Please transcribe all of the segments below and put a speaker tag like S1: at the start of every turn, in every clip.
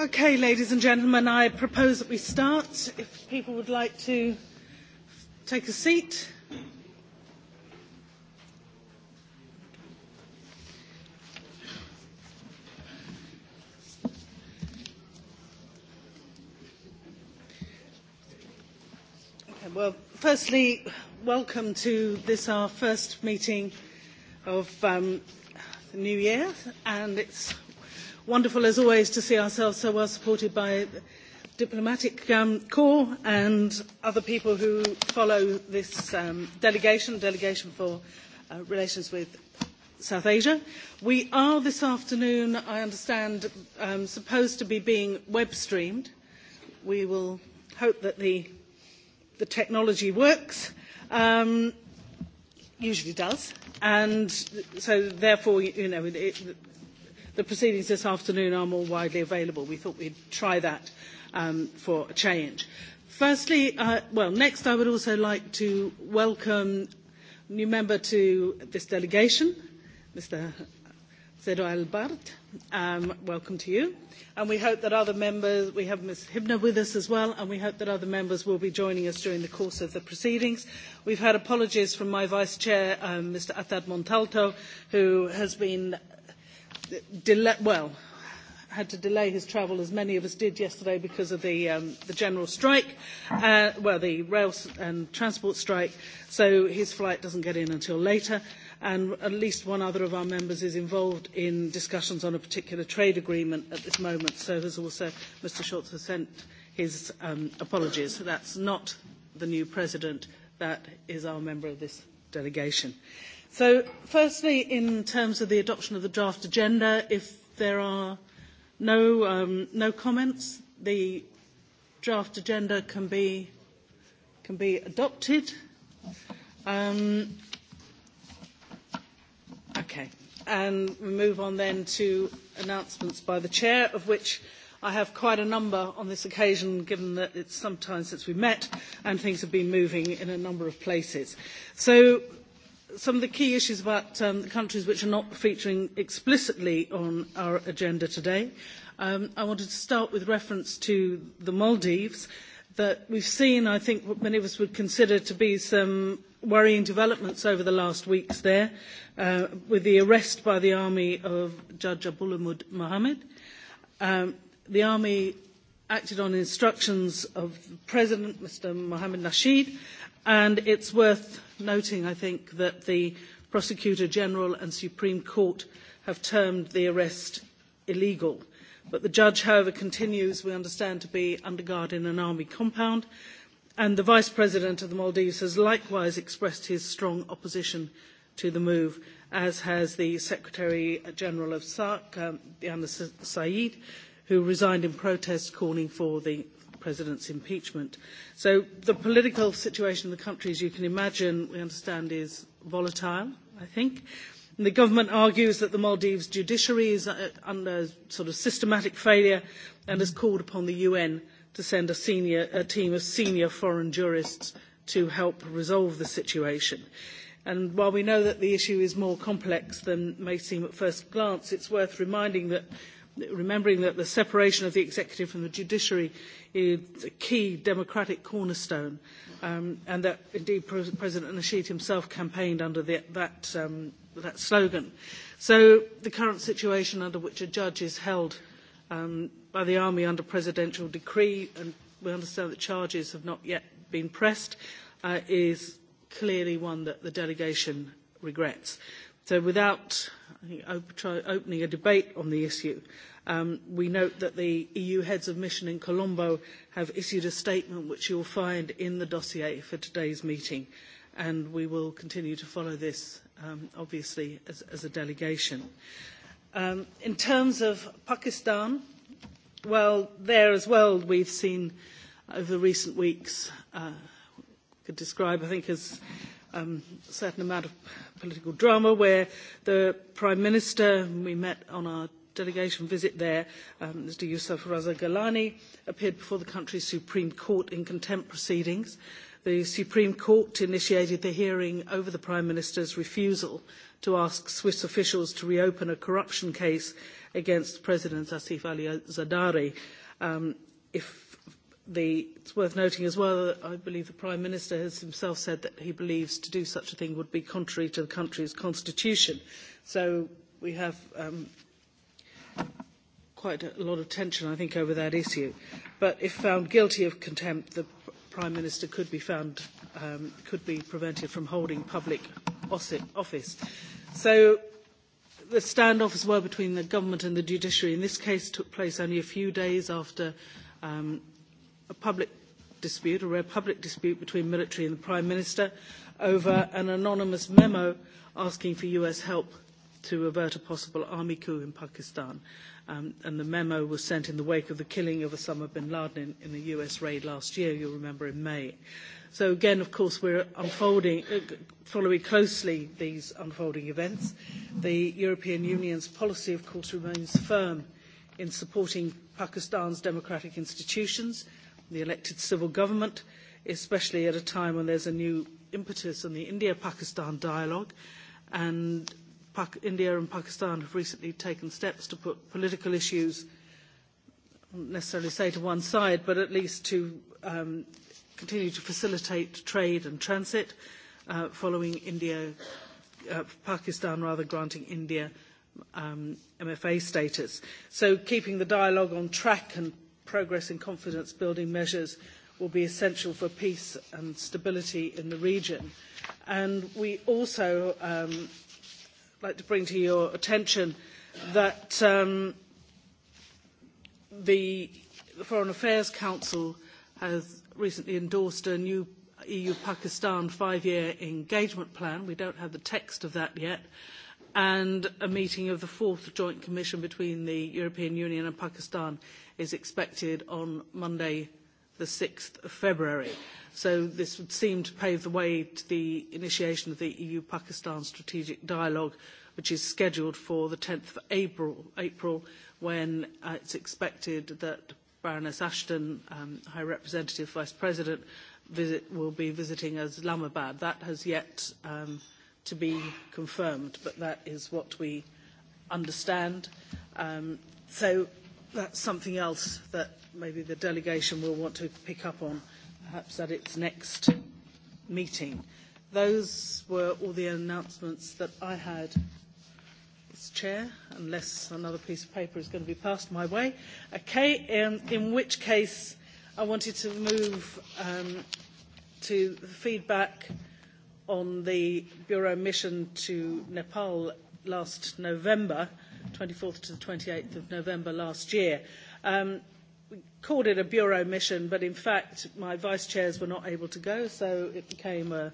S1: Okay, ladies and gentlemen, I propose that we start. If people would like to take a seat. Well, firstly, welcome to this, our first meeting of the new year, and it's wonderful as always to see ourselves so well supported by the diplomatic corps and other people who follow this delegation, delegation for relations with South Asia. We are this afternoon, I understand, supposed to be being web streamed. We will hope that the the technology works, usually does, and so therefore, you know, the proceedings this afternoon are more widely available. We thought we'd try that for a change. Firstly, well, next I would also like to welcome a new member to this delegation, Mr. Zedo Um, Welcome to you. And we hope that other members, we have Ms. Hibner with us as well, and we hope that other members will be joining us during the course of the proceedings. We've had apologies from my Vice Chair, Mr. Atad Montalto, who has been well, had to delay his travel, as many of us did yesterday, because of the general strike, well, the rail and transport strike, so his flight doesn't get in until later. And at least one other of our members is involved in discussions on a particular trade agreement at this moment, so there's also Mr. Schultz has sent his apologies. That's not the new president, that is our member of this delegation. So firstly, in terms of the adoption of the draft agenda, if there are no comments, the draft agenda can be adopted. Okay. And we move on then to announcements by the Chair, of which I have quite a number on this occasion, given that it's some time since we met and things have been moving in a number of places. So some of the key issues about the countries which are not featuring explicitly on our agenda today. I wanted to start with reference to the Maldives that we've seen, I think, what many of us would consider to be some worrying developments over the last weeks there with the arrest by the army of Judge Abulamud Mohammed. The army acted on instructions of President, Mr. Mohammed Nasheed, And it's worth noting, I think, that the Prosecutor General and Supreme Court have termed the arrest illegal. But the judge, however, continues, we understand, to be under guard in an army compound. And the Vice President of the Maldives has likewise expressed his strong opposition to the move, as has the Secretary General of SARC, Diana Said, who resigned in protest, calling for the President's impeachment. So the political situation in the country, as you can imagine, we understand is volatile, I think. The government argues that the Maldives judiciary is under sort of systematic failure and has called upon the UN to send a team of senior foreign jurists to help resolve the situation. And while we know that the issue is more complex than may seem at first glance, it's worth reminding that remembering that the separation of the executive from the judiciary is a key democratic cornerstone, and that indeed President Nasheed himself campaigned under that slogan. So the current situation under which a judge is held by the army under presidential decree, and we understand that charges have not yet been pressed, is clearly one that the delegation regrets. So without opening a debate on the issue, We note that the EU heads of mission in Colombo have issued a statement which you will find in the dossier for today's meeting, and we will continue to follow this, obviously, as a delegation. In terms of Pakistan, well, there as well we've seen over the recent weeks, could describe, I think, as a certain amount of political drama where the Prime Minister, we met on our delegation visit there, Mr. Yusuf Raza Galani appeared before the country's Supreme Court in contempt proceedings. The Supreme Court initiated the hearing over the Prime Minister's refusal to ask Swiss officials to reopen a corruption case against President Asif Ali Zardari. It's worth noting as well that I believe the Prime Minister has himself said that he believes to do such a thing would be contrary to the country's constitution. So we have quite a lot of tension, I think, over that issue. But if found guilty of contempt, the Prime Minister could be found, could be prevented from holding public office. So the standoff as well between the government and the judiciary in this case took place only a few days after a public dispute, a rare public dispute between military and the Prime Minister over an anonymous memo asking for US help to avert a possible army coup in Pakistan. And the memo was sent in the wake of the killing of Osama bin Laden in the US raid last year, you'll remember in May. So again, of course, we're unfolding, following closely these unfolding events. The European Union's policy, of course, remains firm in supporting Pakistan's democratic institutions, the elected civil government, especially at a time when there's a new impetus on the India-Pakistan dialogue, and India and Pakistan have recently taken steps to put political issues, not necessarily say to one side, but at least to continue to facilitate trade and transit following India, Pakistan rather granting India MFA status. So keeping the dialogue on track and progress in confidence building measures will be essential for peace and stability in the region. And we also like to bring to your attention that the Foreign Affairs Council has recently endorsed a new EU-Pakistan five-year engagement plan. We don't have the text of that yet. And a meeting of the fourth Joint Commission between the European Union and Pakistan is expected on Monday the 6th of February. So this would seem to pave the way to the initiation of the EU-Pakistan strategic dialogue, which is scheduled for the 10th of April, when it's expected that Baroness Ashton, High Representative Vice President, will be visiting Islamabad. That has yet to be confirmed, but that is what we understand. So that's something else that maybe the delegation will want to pick up on, perhaps at its next meeting. Those were all the announcements that I had as chair, unless another piece of paper is going to be passed my way. Okay, in which case I wanted to move to the feedback on the Bureau mission to Nepal last November 24th to the 28th of November last year. We called it a bureau mission, but in fact my vice chairs were not able to go, so it became a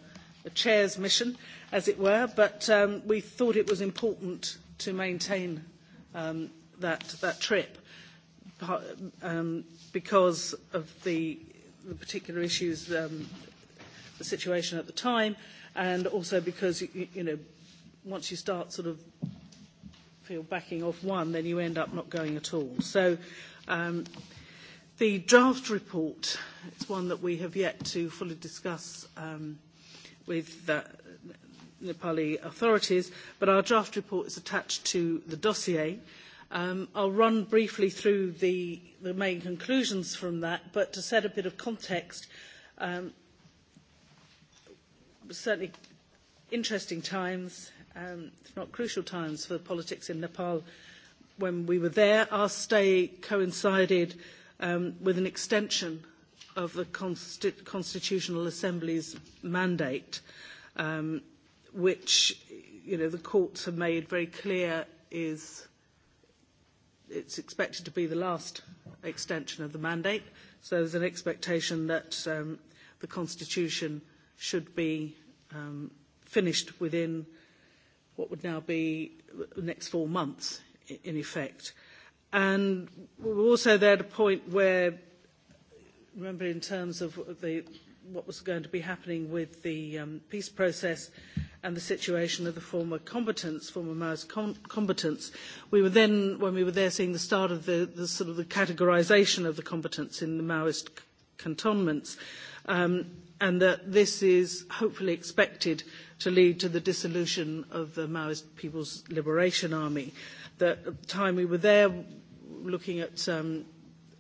S1: chair's mission, as it were. But we thought it was important to maintain that trip because of the particular issues, the situation at the time, and also because, you know, once you start sort of feel backing off one, then you end up not going at all. So the draft report is one that we have yet to fully discuss with the Nepali authorities, but our draft report is attached to the dossier. I'll run briefly through the main conclusions from that, but to set a bit of context, certainly interesting times if not crucial times for politics in Nepal. When we were there, our stay coincided with an extension of the Constitutional Assembly's mandate, which the courts have made very clear is it's expected to be the last extension of the mandate. So there's an expectation that the Constitution should be finished within what would now be the next four months, in effect. And we we're also there at a point where, remember, in terms of the what was going to be happening with the peace process and the situation of the former combatants, former Maoist combatants. We were then, when we were there, seeing the start of the sort of the categorisation of the combatants in the Maoist cantonments and that this is hopefully expected to lead to the dissolution of the Maoist People's Liberation Army. At The time we were there looking at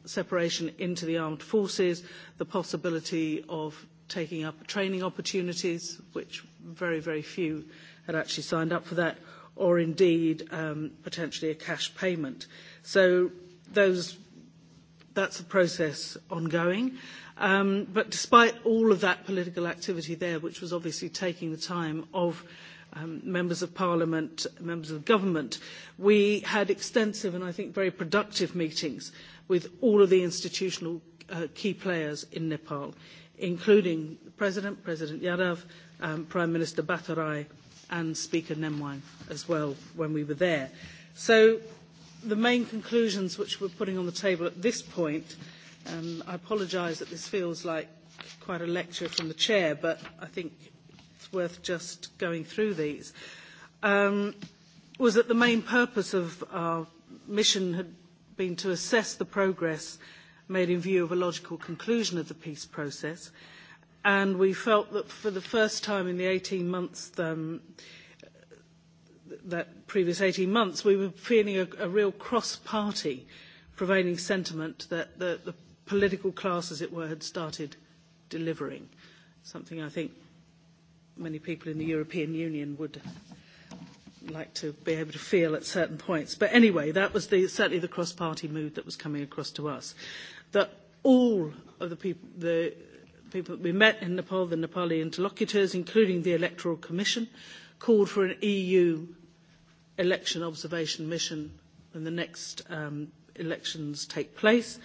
S1: separation into the armed forces, the possibility of taking up training opportunities, which very, very few had actually signed up for that, or indeed potentially a cash payment. So those that's a process ongoing. But despite all of that political activity there, which was obviously taking the time of members of parliament, members of government, we had extensive and I think very productive meetings with all of the institutional key players in Nepal, including the President, President Yadav, Prime Minister Bhattarai and Speaker Nemwine as well when we were there. So the main conclusions which we're putting on the table at this point, and I apologise that this feels like quite a lecture from the chair, but I think it's worth just going through these, was that the main purpose of our mission had been to assess the progress made in view of a logical conclusion of the peace process, and we felt that for the first time in the 18 months that previous 18 months, we were feeling a real cross-party prevailing sentiment that the political class, as it were, had started delivering, something I think many people in the European Union would like to be able to feel at certain points. But anyway, that was certainly the cross-party mood that was coming across to us, that all of the people that we met in Nepal, the Nepali interlocutors, including the Electoral Commission, called for an EU election observation mission when the next elections take place.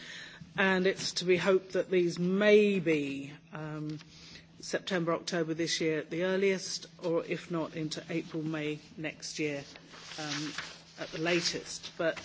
S1: And it's to be hoped that these may be September, October this year at the earliest, or if not, into April, May next year at the latest. But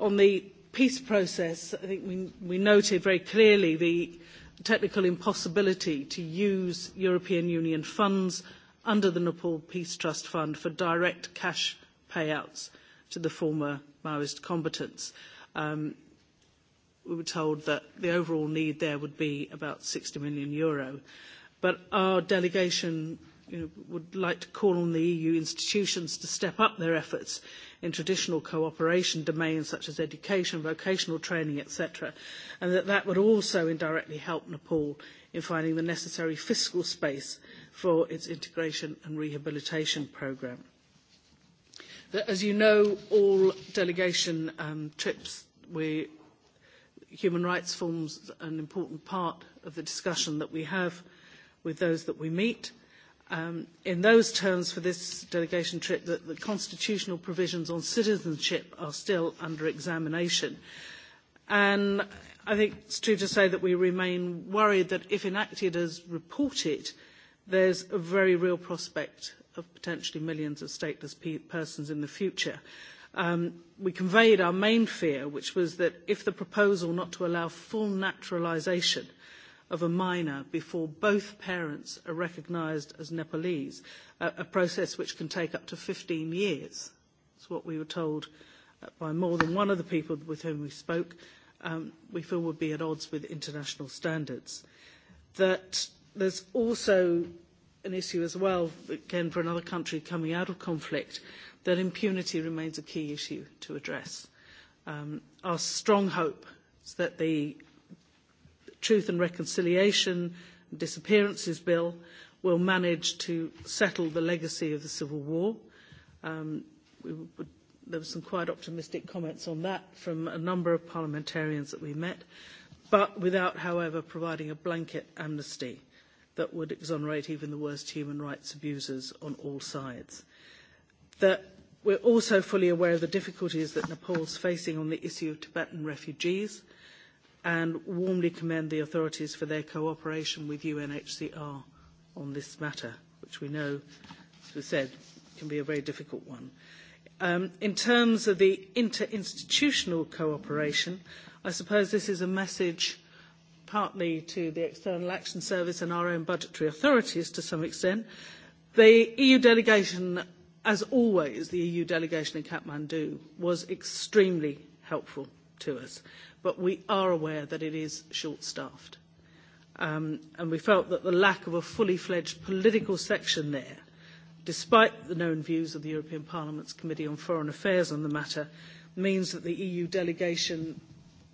S1: on the peace process, I think we noted very clearly the technical impossibility to use European Union funds under the Nepal Peace Trust Fund for direct cash payouts to the former Maoist combatants. We were told that the overall need there would be about 60 million euro. But our delegation would like to call on the EU institutions to step up their efforts in traditional cooperation domains such as education, vocational training, etc., and that that would also indirectly help Nepal in finding the necessary fiscal space for its integration and rehabilitation programme. As you know, all delegation trips, human rights forms an important part of the discussion that we have with those that we meet. In those terms for this delegation trip, the constitutional provisions on citizenship are still under examination. And I think it's true to say that we remain worried that if enacted as reported, there's a very real prospect of potentially millions of stateless persons in the future. We conveyed our main fear, which was that if the proposal not to allow full naturalisation of a minor before both parents are recognised as Nepalese, a process which can take up to 15 years, is what we were told by more than one of the people with whom we spoke, we feel would be at odds with international standards. That There's also an issue as well, again for another country coming out of conflict, that impunity remains a key issue to address. Our strong hope is that the Truth and Reconciliation and Disappearances Bill will manage to settle the legacy of the Civil War. There were some quite optimistic comments on that from a number of parliamentarians that we met, but without, however, providing a blanket amnesty that would exonerate even the worst human rights abusers on all sides. That we're also fully aware of the difficulties that Nepal is facing on the issue of Tibetan refugees and warmly commend the authorities for their cooperation with UNHCR on this matter, which we know, as we said, can be a very difficult one. In terms of the interinstitutional cooperation, I suppose this is a message partly to the External Action Service and our own budgetary authorities to some extent. The EU delegation, as always, the EU delegation in Kathmandu was extremely helpful to us, but we are aware that it is short-staffed. And we felt that the lack of a fully-fledged political section there, despite the known views of the European Parliament's Committee on Foreign Affairs on the matter, means that the EU delegation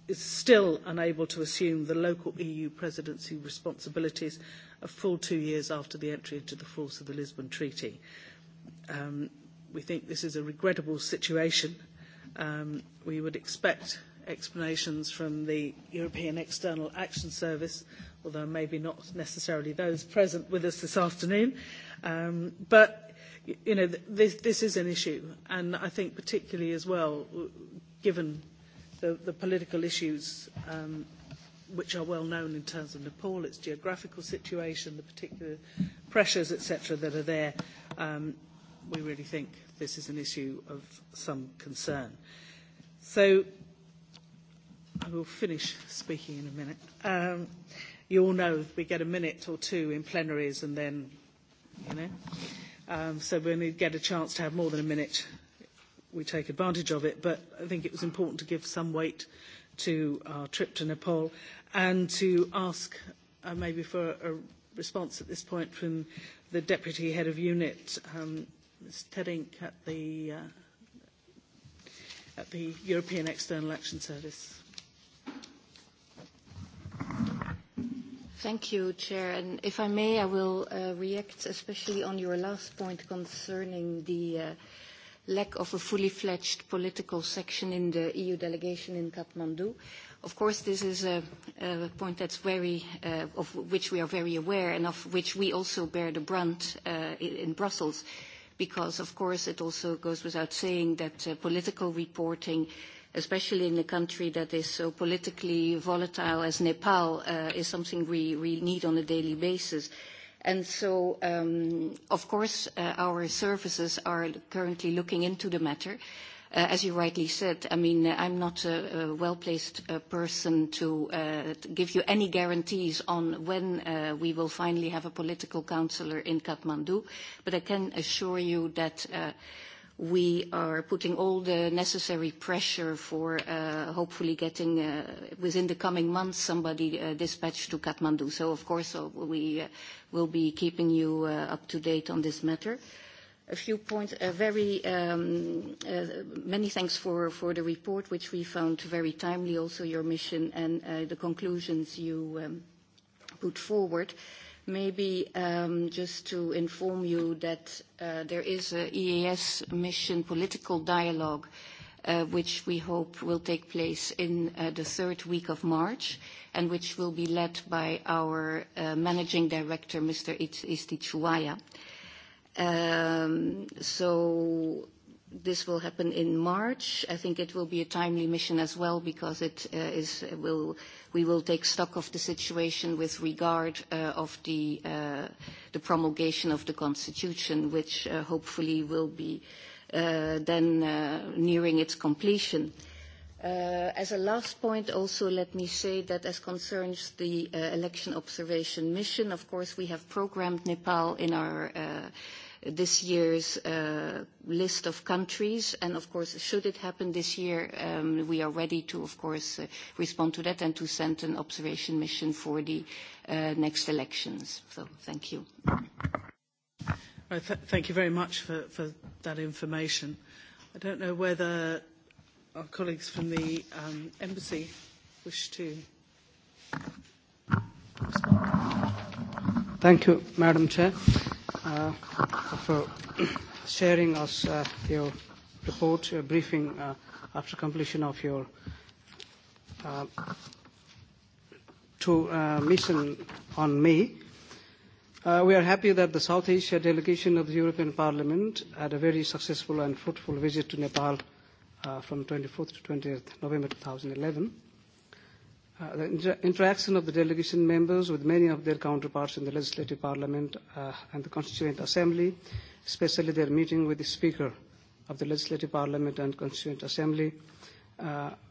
S1: is still unable to assume the local EU presidency responsibilities a full two years after the entry into the force of the Lisbon Treaty. We think this is a regrettable situation. We would expect explanations from the European External Action Service, although maybe not necessarily those present with us this afternoon. But, you know, this is an issue, and I think particularly as well, given the political issues which are well known in terms of Nepal, its geographical situation, the particular pressures, etc., that are there, we really think this is an issue of some concern. So I will finish speaking in a minute. You all know we get a minute or two in plenaries and then, you know. So we only get a chance to have more than a minute we take advantage of it, but I think it was important to give some weight to our trip to Nepal and to ask maybe for a response at this point from the Deputy Head of Unit, Ms. Tedink, at the at the European External Action Service.
S2: Thank you, Chair. And if I may, I will react especially on your last point concerning the lack of a fully fledged political section in the EU delegation in Kathmandu. Of course, this is a point that's very, of which we are very aware and of which we also bear the brunt in Brussels, because, of course, it also goes without saying that political reporting, especially in a country that is so politically volatile as Nepal, is something we need on a daily basis. And so, of course, our services are currently looking into the matter. As you rightly said, I mean, I'm not a well-placed person to give you any guarantees on when we will finally have a political councillor in Kathmandu, but I can assure you that we are putting all the necessary pressure for hopefully getting within the coming months somebody dispatched to Kathmandu. So, of course, we will be keeping you up to date on this matter. A few points. Very many thanks for the report, which we found very timely, also your mission and the conclusions you put forward. Maybe just to inform you that there is an EAS mission political dialogue which we hope will take place in the third week of March and which will be led by our managing director, Mr. Um So this will happen in March. I think it will be a timely mission as well because it will we will take stock of the situation with regard of the promulgation of the Constitution, which hopefully will be then nearing its completion. As a last point, also let me say that as concerns the election observation mission, of course, we have programmed Nepal in our this year's list of countries. And, of course, should it happen this year, we are ready to, of course, respond to that and to send an observation mission for the next elections. So thank you.
S1: Thank you very much for that information. I don't know whether our colleagues from the embassy wish to
S3: Thank you, Madam Chair for sharing us your report, your briefing after completion of your to mission on May. We are happy that the South Asia delegation of the European Parliament had a very successful and fruitful visit to Nepal from 24th to 20th November 2011 the interaction of the delegation members with many of their counterparts in the Legislative Parliament and the Constituent Assembly, especially their meeting with the Speaker of the Legislative Parliament and Constituent Assembly,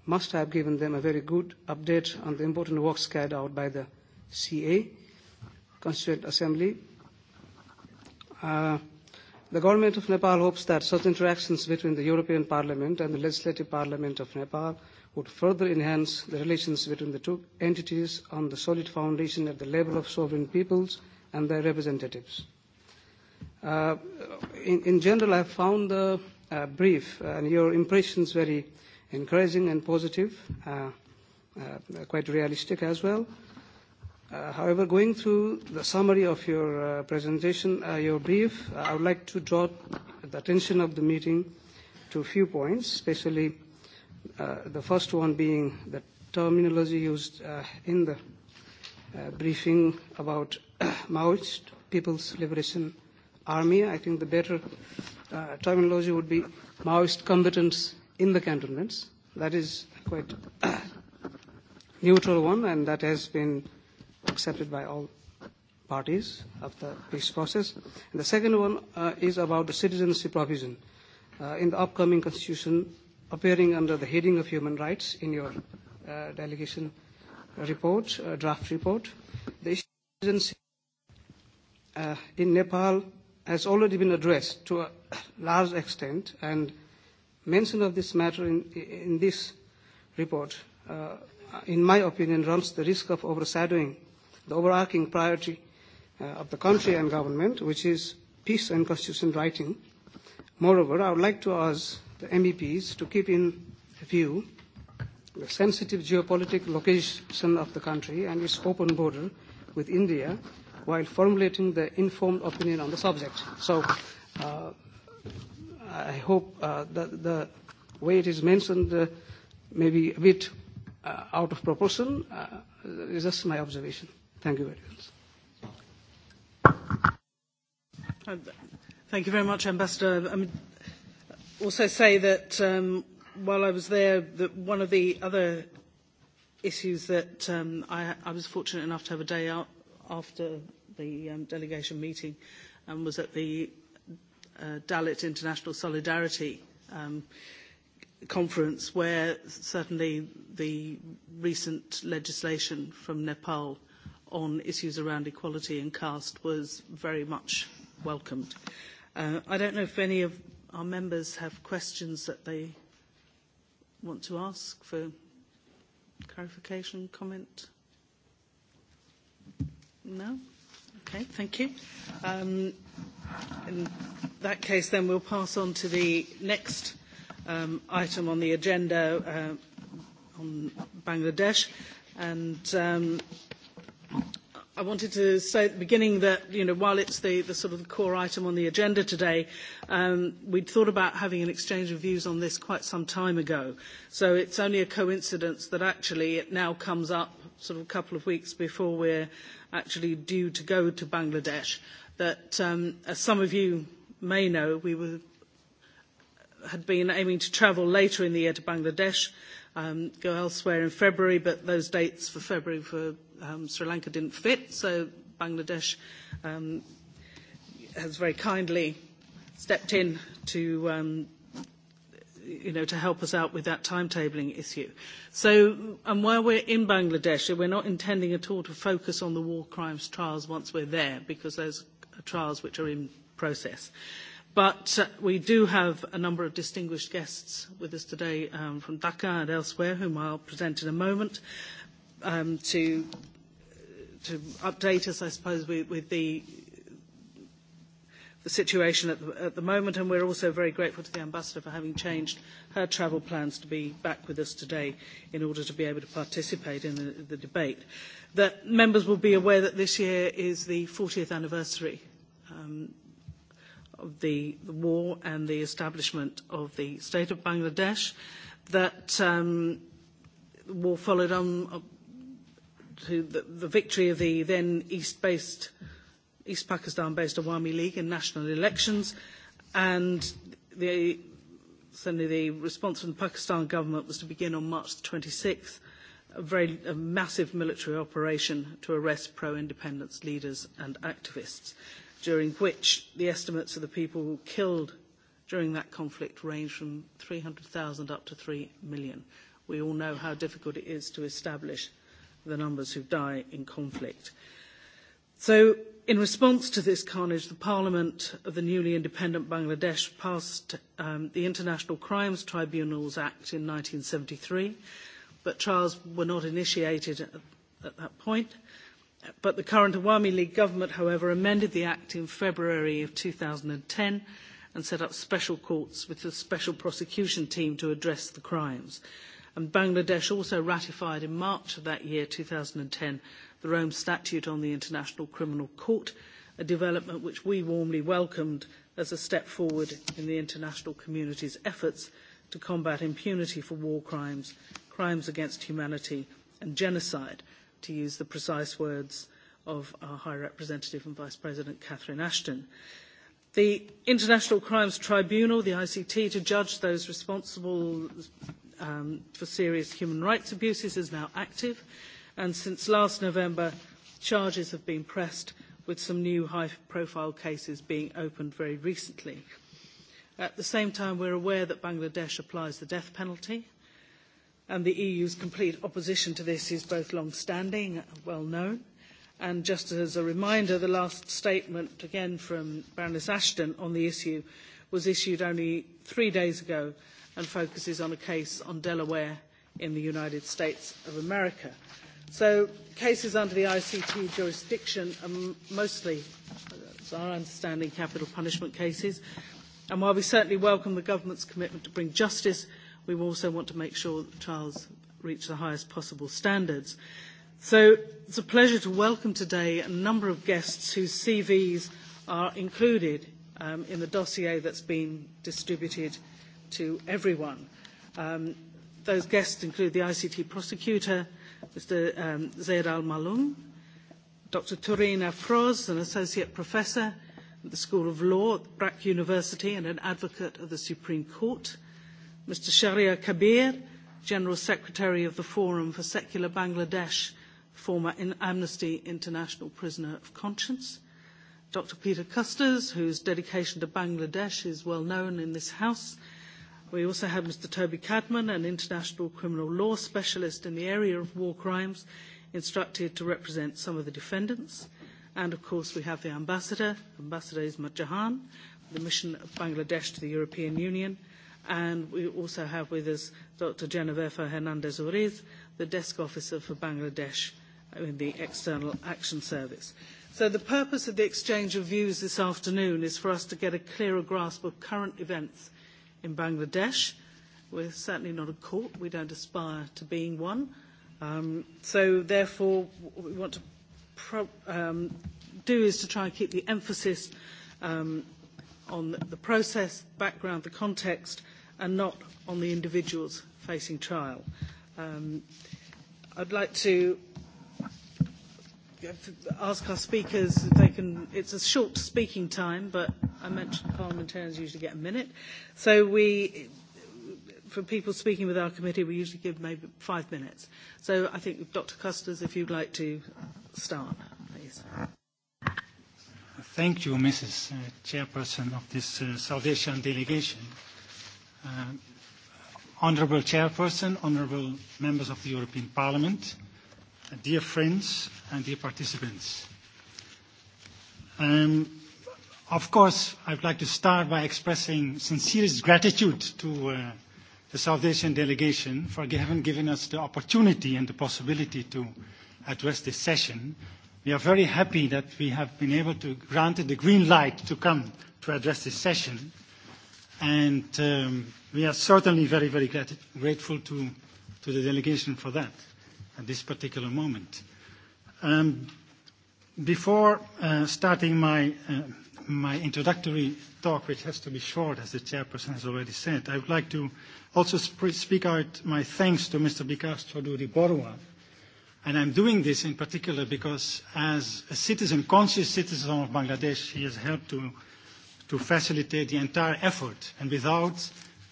S3: must have given them a very good update on the important works carried out by the CA, Constituent Assembly. The Government of Nepal hopes that such interactions between the European Parliament and the Legislative Parliament of Nepal would further enhance the relations between the two entities on the solid foundation at the level of sovereign peoples and their representatives. In general, I found the brief and your impressions very encouraging and positive, quite realistic as well. However, going through the summary of your presentation, your brief, I would like to draw the attention of the meeting to a few points, especially The first one being the terminology used in the briefing about Maoist People's Liberation Army. I think the better terminology would be Maoist combatants in the cantonments. That is quite neutral one, and that has been accepted by all parties of the peace process. And the second one is about the citizenship provision. In the upcoming constitution, appearing under the heading of human rights in your delegation report, draft report. The issue in Nepal has already been addressed to a large extent, and mention of this matter in this report, in my opinion, runs the risk of overshadowing the overarching priority of the country and government, which is peace and constitution writing. Moreover, I would like to ask the MEPs to keep in view the sensitive geopolitical location of the country and its open border with India while formulating the informed opinion on the subject. So I hope that the way it is mentioned may be a bit out of proportion. It's just my observation. Thank you very much.
S1: Thank you very much, Ambassador also say that while I was there, that one of the other issues that I, I was fortunate enough to have a day out after the delegation meeting and was at the Dalit International Solidarity conference where certainly the recent legislation from Nepal on issues around equality and caste was very much welcomed. I don't know if any of our members have questions that they want to ask for clarification, comment? No? Okay, thank you. In that case, then we'll pass on to the next item on the agenda on Bangladesh. And I wanted to say at the beginning that, you know, while it's the sort of core item on the agenda today, we'd thought about having an exchange of views on this quite some time ago. So it's only a coincidence that actually it now comes up sort of a couple of weeks before we're actually due to go to Bangladesh. That, as some of you may know, we had been aiming to travel later in the year to Bangladesh, go elsewhere in February, but those dates for February for Sri Lanka didn't fit, so Bangladesh has very kindly stepped in to you know, to help us out with that timetabling issue. So, and while we're in Bangladesh, we're not intending at all to focus on the war crimes trials once we're there, because those are trials which are in process. But we do have a number of distinguished guests with us today from Dhaka and elsewhere, whom I'll present in a moment, to to update us, I suppose, with the the situation at the moment, and we're also very grateful to the Ambassador for having changed her travel plans to be back with us today in order to be able to participate in the debate. That members will be aware that this year is the 40th anniversary of the war and the establishment of the State of Bangladesh, that the war followed on the victory of the then East-based, East Pakistan-based Awami League in national elections, and the the response from the Pakistan government was to begin on March 26th a very massive military operation to arrest pro-independence leaders and activists, during which the estimates of the people killed during that conflict range from 300,000 up to 3 million. We all know how difficult it is to establish the numbers who die in conflict. So in response to this carnage, the Parliament of the newly independent Bangladesh passed the International Crimes Tribunals Act in 1973, but trials were not initiated at that point. But the current Awami League government, however, amended the Act in February of 2010 and set up special courts with a special prosecution team to address the crimes and Bangladesh also ratified in March of that year 2010 the Rome Statute on the International Criminal Court a development which we warmly welcomed as a step forward in the international community's efforts to combat impunity for war crimes crimes against humanity and genocide to use the precise words of our high representative and vice president Catherine Ashton the international crimes tribunal the ict to judge those responsible for serious human rights abuses is now active, and since last November, charges have been pressed, with some new high-profile cases being opened very recently. At the same time, we are aware that Bangladesh applies the death penalty, and the EU's complete opposition to this is both long-standing and well-known. And just as a reminder, the last statement, again from Baroness Ashton, on the issue was issued only three days ago and focuses on a case on Delaware in the United States of America. So cases under the ICT jurisdiction are mostly, as our understanding, capital punishment cases. And while we certainly welcome the government's commitment to bring justice, we also want to make sure that trials reach the highest possible standards. So it's a pleasure to welcome today a number of guests whose CVs are included in the dossier that's been distributed to everyone. Those guests include the ICT prosecutor, Mr. Zaid Al-Malum, Dr. Torina Froz, an associate professor at the School of Law at Brack University and an advocate of the Supreme Court, Mr. Sharia Kabir, General Secretary of the Forum for Secular Bangladesh, former Amnesty International prisoner of conscience, Dr. Peter Custers, whose dedication to Bangladesh is well known in this House, We also have Mr. Toby Cadman, an international criminal law specialist in the area of war crimes, instructed to represent some of the defendants. And, of course, we have the ambassador, Ambassador Isma Jahan, the mission of Bangladesh to the European Union. And we also have with us Dr. Genevieve Hernandez Uriz, the desk officer for Bangladesh in the External Action Service. So the purpose of the exchange of views this afternoon is for us to get a clearer grasp of current events in Bangladesh. We're certainly not a court. We don't aspire to being one. So therefore, what we want to do is to try and keep the emphasis on the process, background, the context, and not on the individuals facing trial. I'd like to ask our speakers if they can. It's a short speaking time, but I mentioned parliamentarians usually get a minute. So we, for people speaking with our committee, we usually give maybe five minutes. So I think, Dr. Custers, if you'd like to start, please.
S4: Thank you, Mrs. Chairperson of this Salvation delegation. Honourable Chairperson, honourable members of the European Parliament dear friends and dear participants. Of course, I would like to start by expressing sincerest gratitude to the South Asian delegation for having given us the opportunity and the possibility to address this session. We are very happy that we have been able to grant the green light to come to address this session. And we are certainly very, very grateful to the delegation for that at this particular moment. Before starting my my introductory talk, which has to be short, as the chairperson has already said, I would like to also speak out my thanks to Mr. Bikas Choduri Borwa. And I'm doing this in particular because as a citizen, conscious citizen of Bangladesh, he has helped to to facilitate the entire effort. And without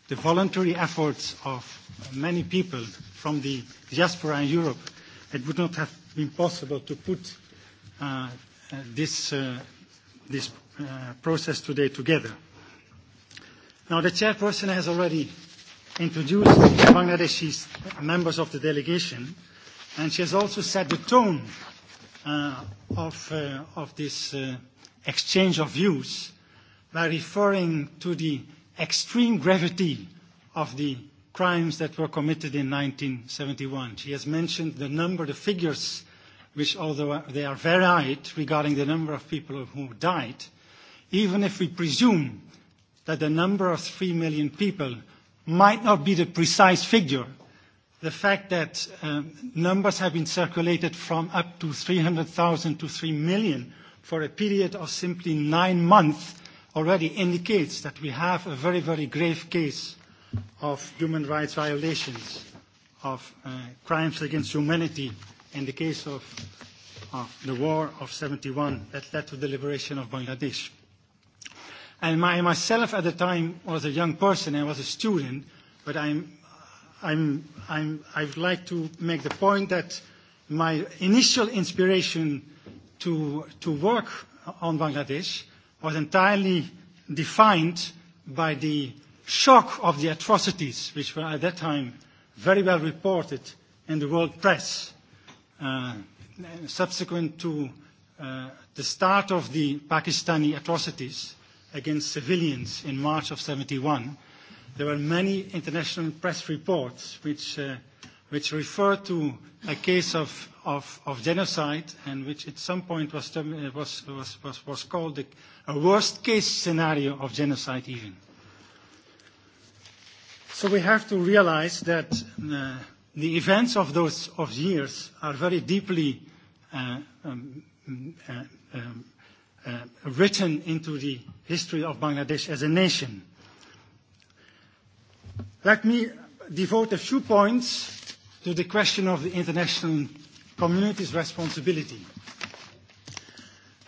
S4: the voluntary efforts of many people from the diaspora in Europe, it would not have been possible to put this process today together. Now, the chairperson has already introduced the Bangladeshi members of the delegation, and she has also set the tone of this exchange of views by referring to the extreme gravity of the crimes that were committed in 1971. She has mentioned the number, the figures, which although they are varied regarding the number of people who died, even if we presume that the number of 3 million people might not be the precise figure, the fact that numbers have been circulated from up to 300,000 to 3 million for a period of simply nine months already indicates that we have a very, very grave case of human rights violations, of crimes against humanity in the case of the war of 71 that led to the liberation of Bangladesh. And myself at the time was a young person, I was a student, but I'm I would like to make the point that my initial inspiration to work on Bangladesh was entirely defined by the shock of the atrocities which were at that time very well reported in the world press. Subsequent to the start of the Pakistani atrocities against civilians in March of 71, there were many international press reports which referred to a case of of genocide and which at some point was was called a worst case scenario of genocide even. So we have to realize that the events of those of years are very deeply written into the history of Bangladesh as a nation. Let me devote a few points to the question of the international community's responsibility.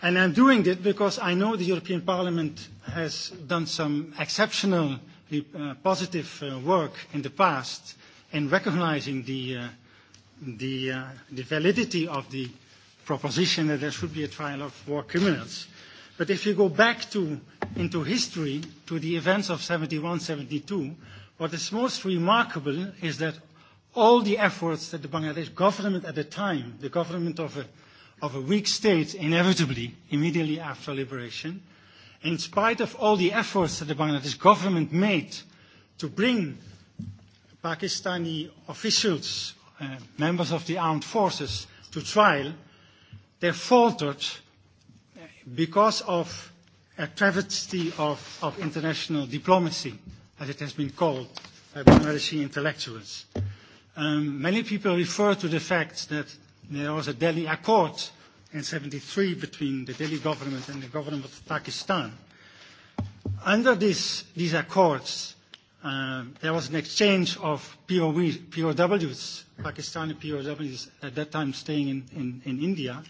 S4: And I'm doing this because I know the European Parliament has done some exceptional positive work in the past in recognizing the validity of the proposition that there should be a trial of war criminals. But if you go back into history, to the events of 71, 72, what is most remarkable is that all the efforts that the Bangladesh government at the time, the government of a, weak state, inevitably, immediately after liberation, in spite of all the efforts that the Bangladesh government made to bring Pakistani officials, members of the armed forces, to trial, they faltered because of a travesty of international diplomacy, as it has been called by Bangladeshi intellectuals. Many people refer to the fact that there was a Delhi Accord in 73 between the Delhi government and the government of Pakistan. Under these accords, there was an exchange of POWs, Pakistani POWs at that time staying in India,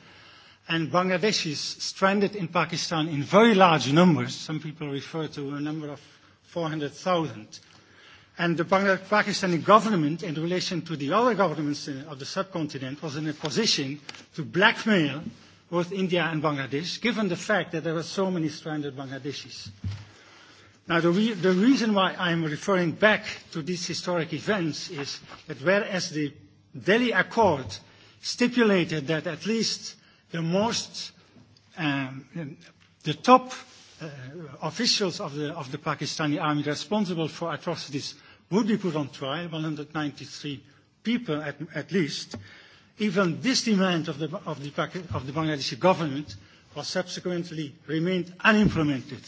S4: and Bangladeshis stranded in Pakistan in very large numbers. Some people refer to a number of 400,000. And the Pakistani government, in relation to the other governments of the subcontinent, was in a position to blackmail both India and Bangladesh, given the fact that there were so many stranded Bangladeshis. Now, the reason why I am referring back to these historic events is that whereas the Delhi Accord stipulated that at least the most, the top officials of the of the Pakistani army responsible for atrocities would be put on trial, 193 people at least. Even this demand of the of the of the Bangladeshi government was subsequently remained unimplemented.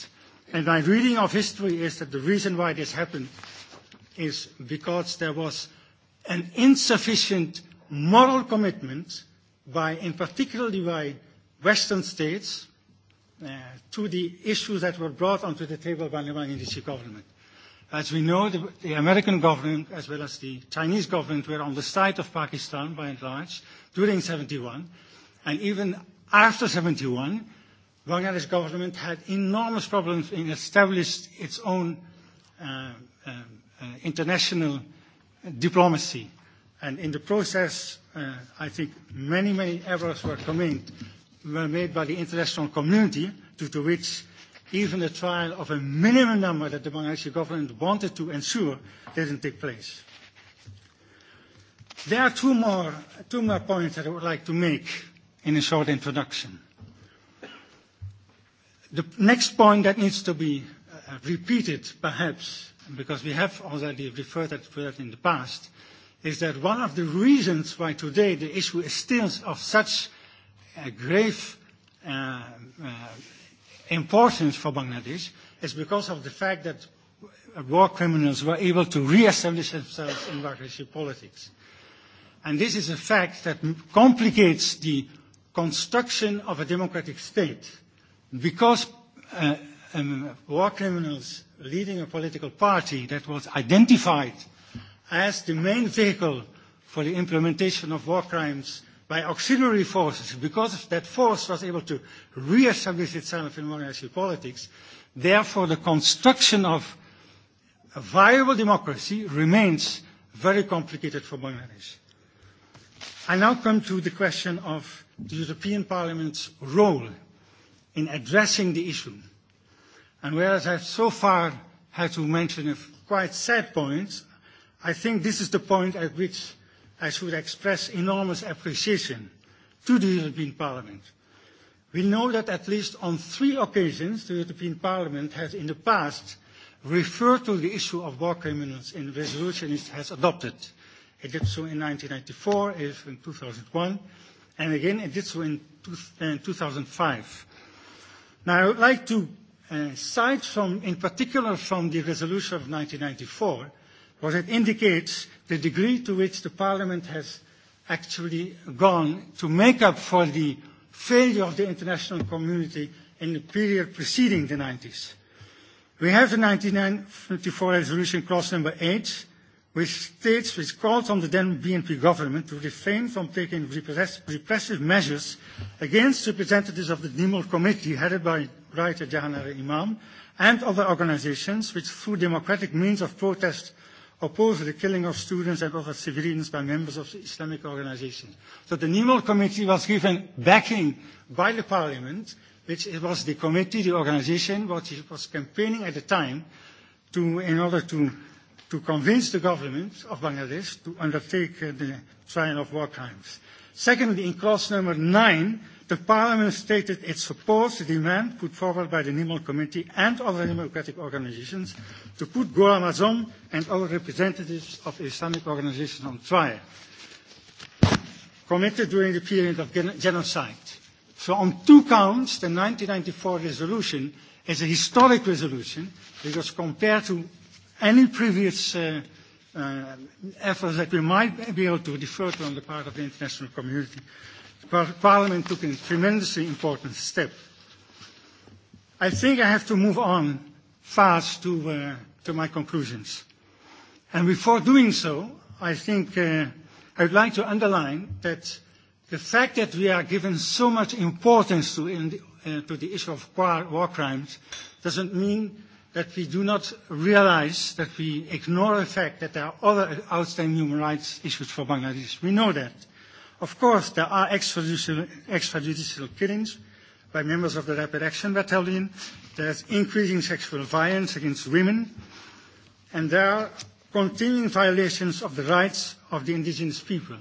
S4: And my reading of history is that the reason why this happened is because there was an insufficient moral commitment by, in particular by Western states, to the issues that were brought onto the table by the Bangladeshi government. As we know, the American government as well as the Chinese government were on the side of Pakistan by and large during 71, and even after 71, Bangladesh government had enormous problems in establishing its own international diplomacy. And in the process, I think many, many errors were made by the international community due to which even the trial of a minimum number that the Bangladeshi government wanted to ensure didn't take place. There are two more, two more points that I would like to make in a short introduction. The next point that needs to be repeated, perhaps, because we have already referred to that in the past, is that one of the reasons why today the issue is still of such grave importance for Bangladesh is because of the fact that war criminals were able to establish themselves in Bangladeshi politics. And this is a fact that complicates the construction of a democratic state. Because war criminals leading a political party that was identified as the main vehicle for the implementation of war crimes by auxiliary forces, because that force was able to re-establish itself in monarchy politics, therefore the construction of a viable democracy remains very complicated for Bangladesh. I now come to the question of the European Parliament's role in addressing the issue. And whereas I have so far had to mention a quite sad points, I think this is the point at which I should express enormous appreciation to the European Parliament. We know that at least on three occasions the European Parliament has in the past referred to the issue of war criminals in resolutions resolution it has adopted. It did so in 1994, in 2001, and again it did so in 2005. Now I would like to cite from, in particular from the resolution of 1994, because it indicates the degree to which the Parliament has actually gone to make up for the failure of the international community in the period preceding the 90s. We have the 1994 resolution clause number 8, which states, which calls on the then BNP government to refrain from taking repressive measures against representatives of the Dimol Committee, headed by writer Jahanara Imam, and other organizations which, through democratic means of protest oppose the killing of students and other civilians by members of the Islamic organization. So the Nemo Committee was given backing by the Parliament, which it was the committee, the organization, which was campaigning at the time to, in order to, to convince the government of Bangladesh to undertake the trial of war crimes. Secondly, in clause number nine, The Parliament stated its support to the demand put forward by the nimal Committee and other democratic organisations to put Guamazon and other representatives of Islamic organisations on trial, committed during the period of genocide. So on two counts, the 1994 resolution is a historic resolution because compared to any previous efforts that we might be able to defer to on the part of the international community, Parliament took a tremendously important step. I think I have to move on fast to my conclusions. And before doing so, I think I would like to underline that the fact that we are given so much importance to the issue of war crimes doesn't mean that we do not realize, that we ignore the fact that there are other outstanding human rights issues for Bangladesh. We know that. Of course, there are extrajudicial killings by members of the Rapid Action Battalion. There's increasing sexual violence against women. And there are continuing violations of the rights of the indigenous people.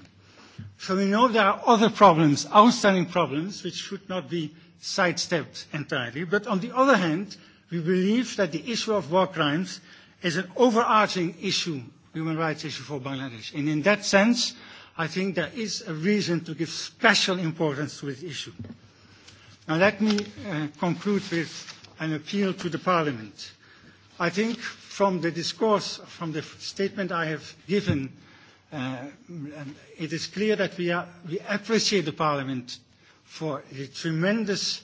S4: So we know there are other problems, outstanding problems, which should not be sidestepped entirely. But on the other hand, we believe that the issue of war crimes is an overarching issue, human rights issue for Bangladesh. And in that sense, I think there is a reason to give special importance to this issue. Now let me conclude with an appeal to the Parliament. I think from the discourse, from the statement I have given, it is clear that we appreciate the Parliament for the tremendous,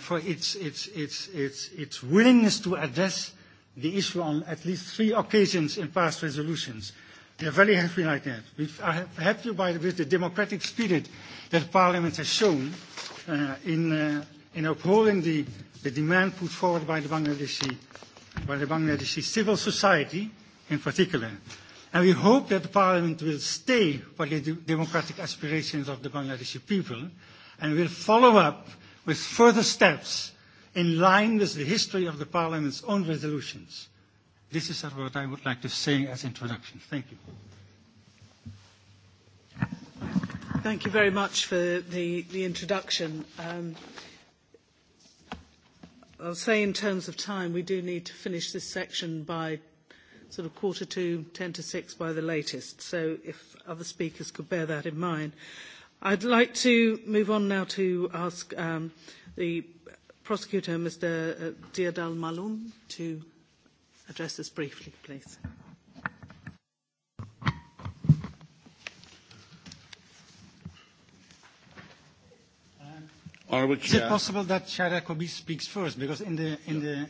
S4: for its willingness to address the issue on at least three occasions in past resolutions. They're very happy like that. We are happy by, with the democratic spirit that Parliament has shown in, in upholding the, demand put forward by the Bangladeshi, by the Bangladeshi civil society in particular. And we hope that the Parliament will stay for the democratic aspirations of the Bangladeshi people and will follow up with further steps in line with the history of the Parliament's own resolutions. This is what I would like to say as introduction. Thank you.
S1: Thank you very much for the introduction. I'll say in terms of time, we do need to finish this section by sort of quarter to, ten to six by the latest. So if other speakers could bear that in mind. I'd like to move on now to ask the prosecutor, Mr. Diadal Malum, to address this briefly, please.
S5: Is it possible
S4: that Shara Kobi speaks first? Because in the in the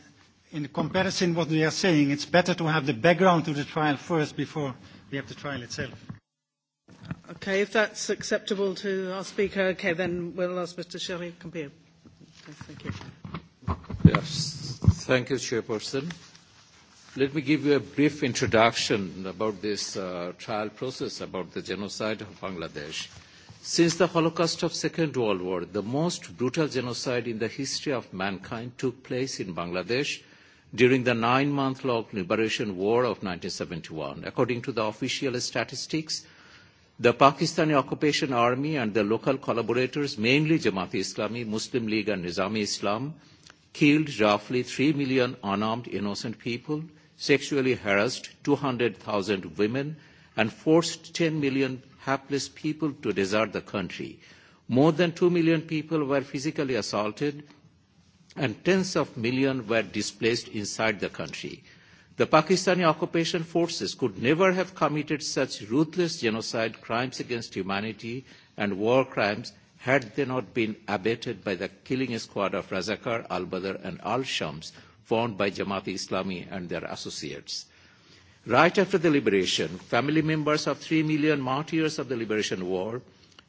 S4: in the comparison what we are saying, it's better to have the background to the trial first before we have the trial itself.
S1: Okay, if that's acceptable to our speaker, okay, then we'll ask Mr. Sherry Thank you.
S6: Yes, thank you, Chairperson. Let me give you a brief introduction about this trial process, about the genocide of Bangladesh. Since the Holocaust of Second World War, the most brutal genocide in the history of mankind took place in Bangladesh during the nine-month-long liberation war of 1971. According to the official statistics, the Pakistani occupation army and their local collaborators, mainly Jamaat-e-Islami, Muslim League and Nizami-Islam, killed roughly 3 million unarmed innocent people sexually harassed 200,000 women and forced 10 million hapless people to desert the country. More than 2 million people were physically assaulted and tens of millions were displaced inside the country. The Pakistani occupation forces could never have committed such ruthless genocide, crimes against humanity and war crimes had they not been abetted by the killing squad of Razakar, Al-Badr and Al-Shams formed by Jamaat Islami and their associates. Right after the liberation, family members of three million martyrs of the liberation war,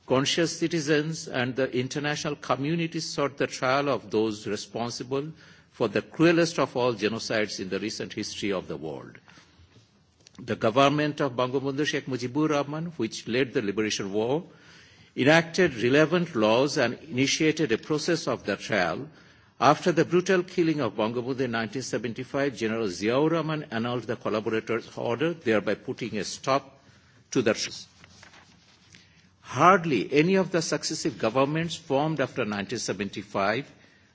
S6: conscious citizens and the international community sought the trial of those responsible for the cruelest of all genocides in the recent history of the world. The government of Bangabandhu Sheikh Mujibur Rahman, which led the liberation war, enacted relevant laws and initiated a process of the trial After the brutal killing of Bangabandhu in 1975, General Ziaur Rahman annulled the collaborators' order, thereby putting a stop to the. Hardly any of the successive governments formed after 1975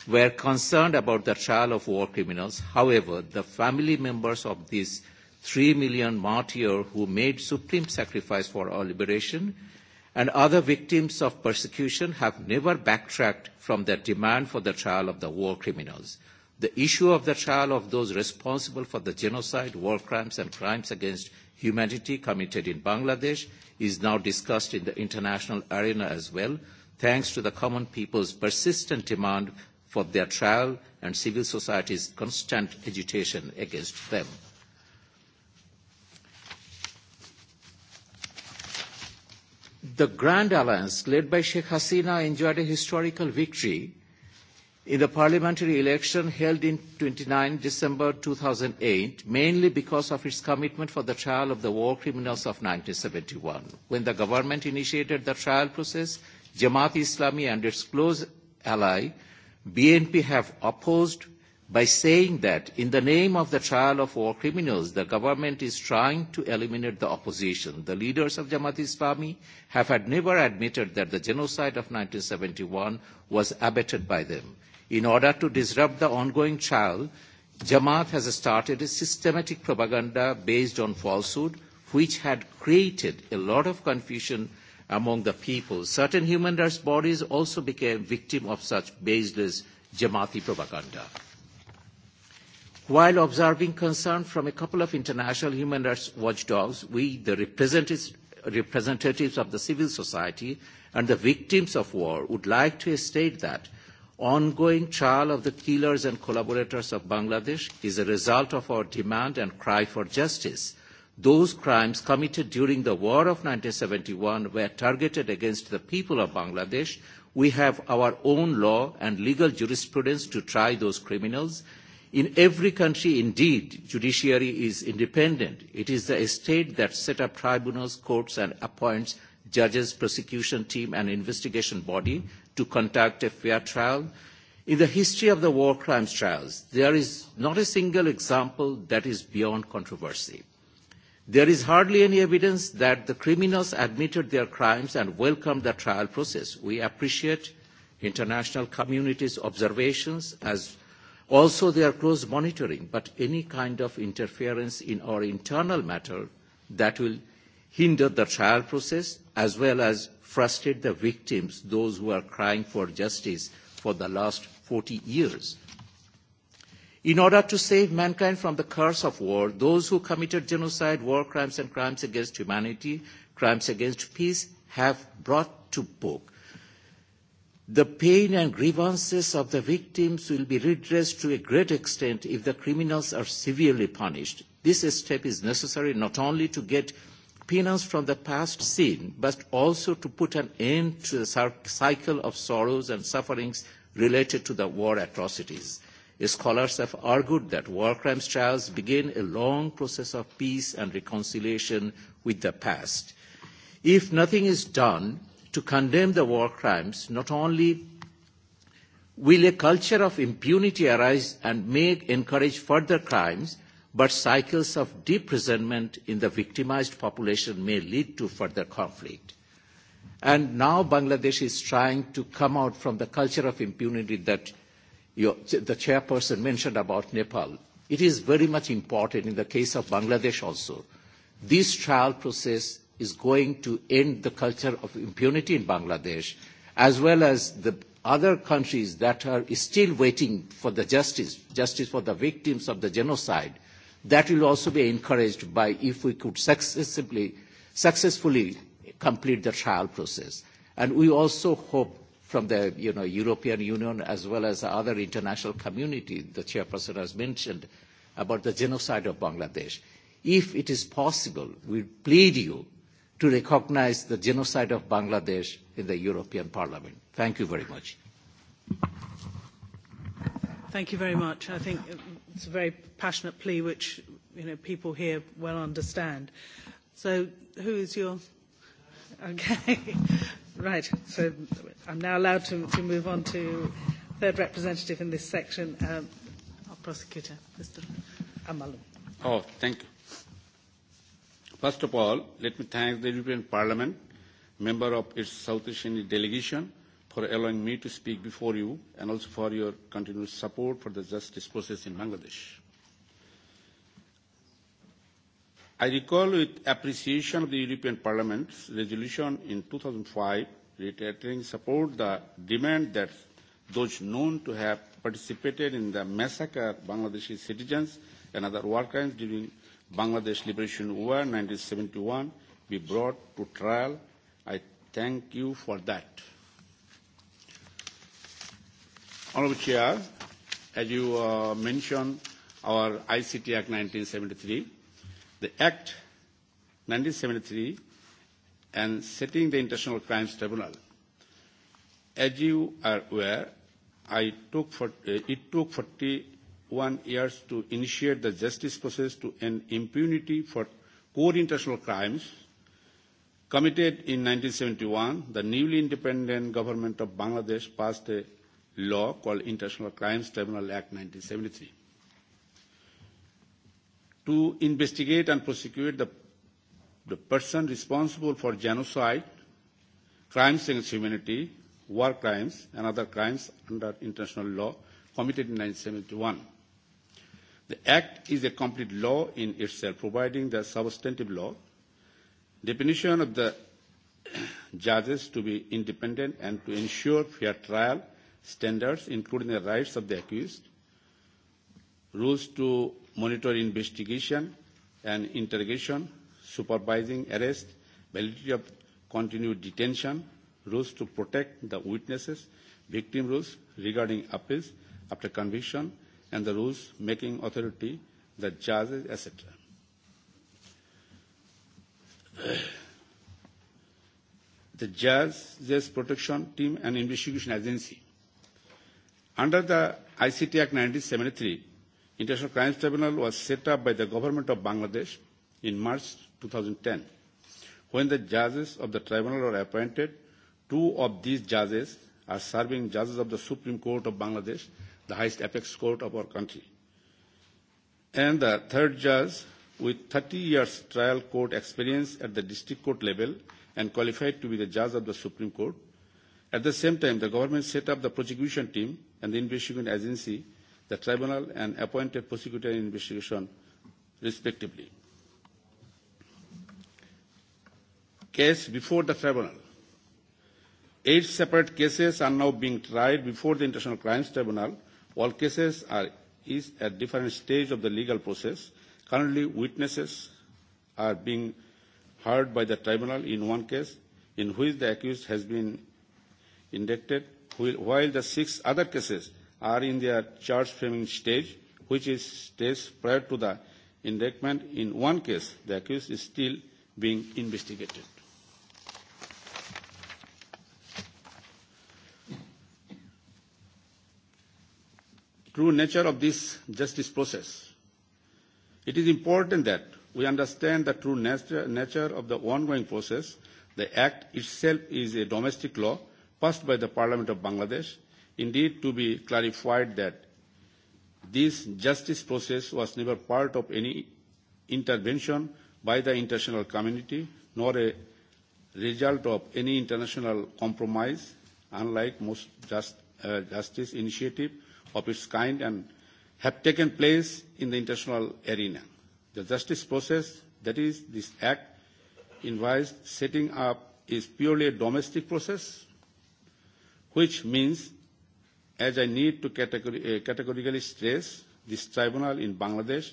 S6: were concerned about the trial of war criminals. However, the family members of these three million martyrs who made supreme sacrifice for our liberation and other victims of persecution have never backtracked from their demand for the trial of the war criminals. The issue of the trial of those responsible for the genocide, war crimes and crimes against humanity committed in Bangladesh is now discussed in the international arena as well, thanks to the common people's persistent demand for their trial and civil society's constant agitation against them. the Grand Alliance led by Sheikh Hasina enjoyed a historical victory in the parliamentary election held in 29 December 2008, mainly because of its commitment for the trial of the war criminals of 1971. When the government initiated the trial process, Jamaat Islami and its close ally, BNP, have opposed by saying that in the name of the trial of war criminals, the government is trying to eliminate the opposition. The leaders of Jamaat Islami have had never admitted that the genocide of 1971 was abetted by them. In order to disrupt the ongoing trial, Jamaat has started a systematic propaganda based on falsehood, which had created a lot of confusion among the people. Certain human rights bodies also became victims of such baseless Jamaati propaganda. While observing concern from a couple of international human rights watchdogs, we, the representatives of the civil society and the victims of war, would like to state that ongoing trial of the killers and collaborators of Bangladesh is a result of our demand and cry for justice. Those crimes committed during the war of 1971 were targeted against the people of Bangladesh. We have our own law and legal jurisprudence to try those criminals In every country, indeed, judiciary is independent. It is the state that set up tribunals, courts, and appoints judges, prosecution team, and investigation body to conduct a fair trial. In the history of the war crimes trials, there is not a single example that is beyond controversy. There is hardly any evidence that the criminals admitted their crimes and welcomed the trial process. We appreciate international community's observations as Also, they are close monitoring, but any kind of interference in our internal matter that will hinder the trial process as well as frustrate the victims, those who are crying for justice for the last 40 years. In order to save mankind from the curse of war, those who committed genocide, war crimes and crimes against humanity, crimes against peace, have brought to book The pain and grievances of the victims will be redressed to a great extent if the criminals are severely punished. This step is necessary not only to get penance from the past sin, but also to put an end to the cycle of sorrows and sufferings related to the war atrocities. Scholars have argued that war crimes trials begin a long process of peace and reconciliation with the past. If nothing is done, to condemn the war crimes, not only will a culture of impunity arise and may encourage further crimes, but cycles of deep resentment in the victimized population may lead to further conflict. And now Bangladesh is trying to come out from the culture of impunity that the chairperson mentioned about Nepal. It is very much important in the case of Bangladesh also. This trial process is going to end the culture of impunity in Bangladesh, as well as the other countries that are still waiting for the justice, justice for the victims of the genocide, that will also be encouraged by if we could successfully complete the trial process. And we also hope from the European Union as well as the other international community, the chairperson has mentioned, about the genocide of Bangladesh. If it is possible, we plead you to recognize the genocide of Bangladesh in the European Parliament. Thank you very much.
S1: Thank you very much. I think it's a very passionate plea which you know, people here well understand. So who is your... Okay. Right. So I'm now allowed to, move on to third representative in this section, um, our prosecutor, Mr. Amalu.
S5: Oh, thank you. First of all, let me thank the European Parliament, member of its South Asian delegation, for allowing me to speak before you and also for your continuous support for the justice process in Bangladesh. I recall with appreciation of the European Parliament's resolution in 2005 reiterating support the demand that those known to have participated in the massacre of Bangladeshi citizens and other war crimes during Bangladesh Liberation War 1971 be brought to trial. I thank you for that. Honorable Chair, as you mentioned, our ICT Act 1973, the Act 1973 and setting the International Crimes Tribunal. As you are aware, I took for, it took 40 one year to initiate the justice process to end impunity for core international crimes committed in 1971. The newly independent government of Bangladesh passed a law called International Crimes Tribunal Act 1973 to investigate and prosecute the the person responsible for genocide, crimes against humanity, war crimes, and other crimes under international law committed in 1971. The Act is a complete law in itself, providing the substantive law, definition of the judges to be independent and to ensure fair trial standards, including the rights of the accused, rules to monitor investigation and interrogation, supervising arrest, validity of continued detention, rules to protect the witnesses, victim rules regarding appeals after conviction, and the rules making authority, the judges, etc. The Judges Protection Team and Investigation Agency. Under the ICT Act 1973, International Crimes Tribunal was set up by the Government of Bangladesh in March 2010. When the judges of the tribunal are appointed, two of these judges are serving judges of the Supreme Court of Bangladesh the highest apex court of our country. And the third judge with 30 years trial court experience at the district court level and qualified to be the judge of the Supreme Court. At the same time, the government set up the prosecution team and the investigation agency, the tribunal and appointed prosecutor in investigation, respectively. Case before the tribunal. Eight separate cases are now being tried before the International Crimes Tribunal All cases are is at different stage of the legal process. Currently, witnesses are being heard by the tribunal in one case in which the accused has been indicted, while the six other cases are in their charge framing stage, which is stage prior to the indictment. In one case, the accused is still being investigated. true nature of this justice process. It is important that we understand the true nature of the ongoing process. The Act itself is a domestic law passed by the Parliament of Bangladesh. Indeed, to be clarified that this justice process was never part of any intervention by the international community, nor a result of any international compromise, unlike most justice initiatives of its kind and have taken place in the international arena. The justice process, that is, this act invites setting up is purely a domestic process, which means, as I need to categorically stress, this tribunal in Bangladesh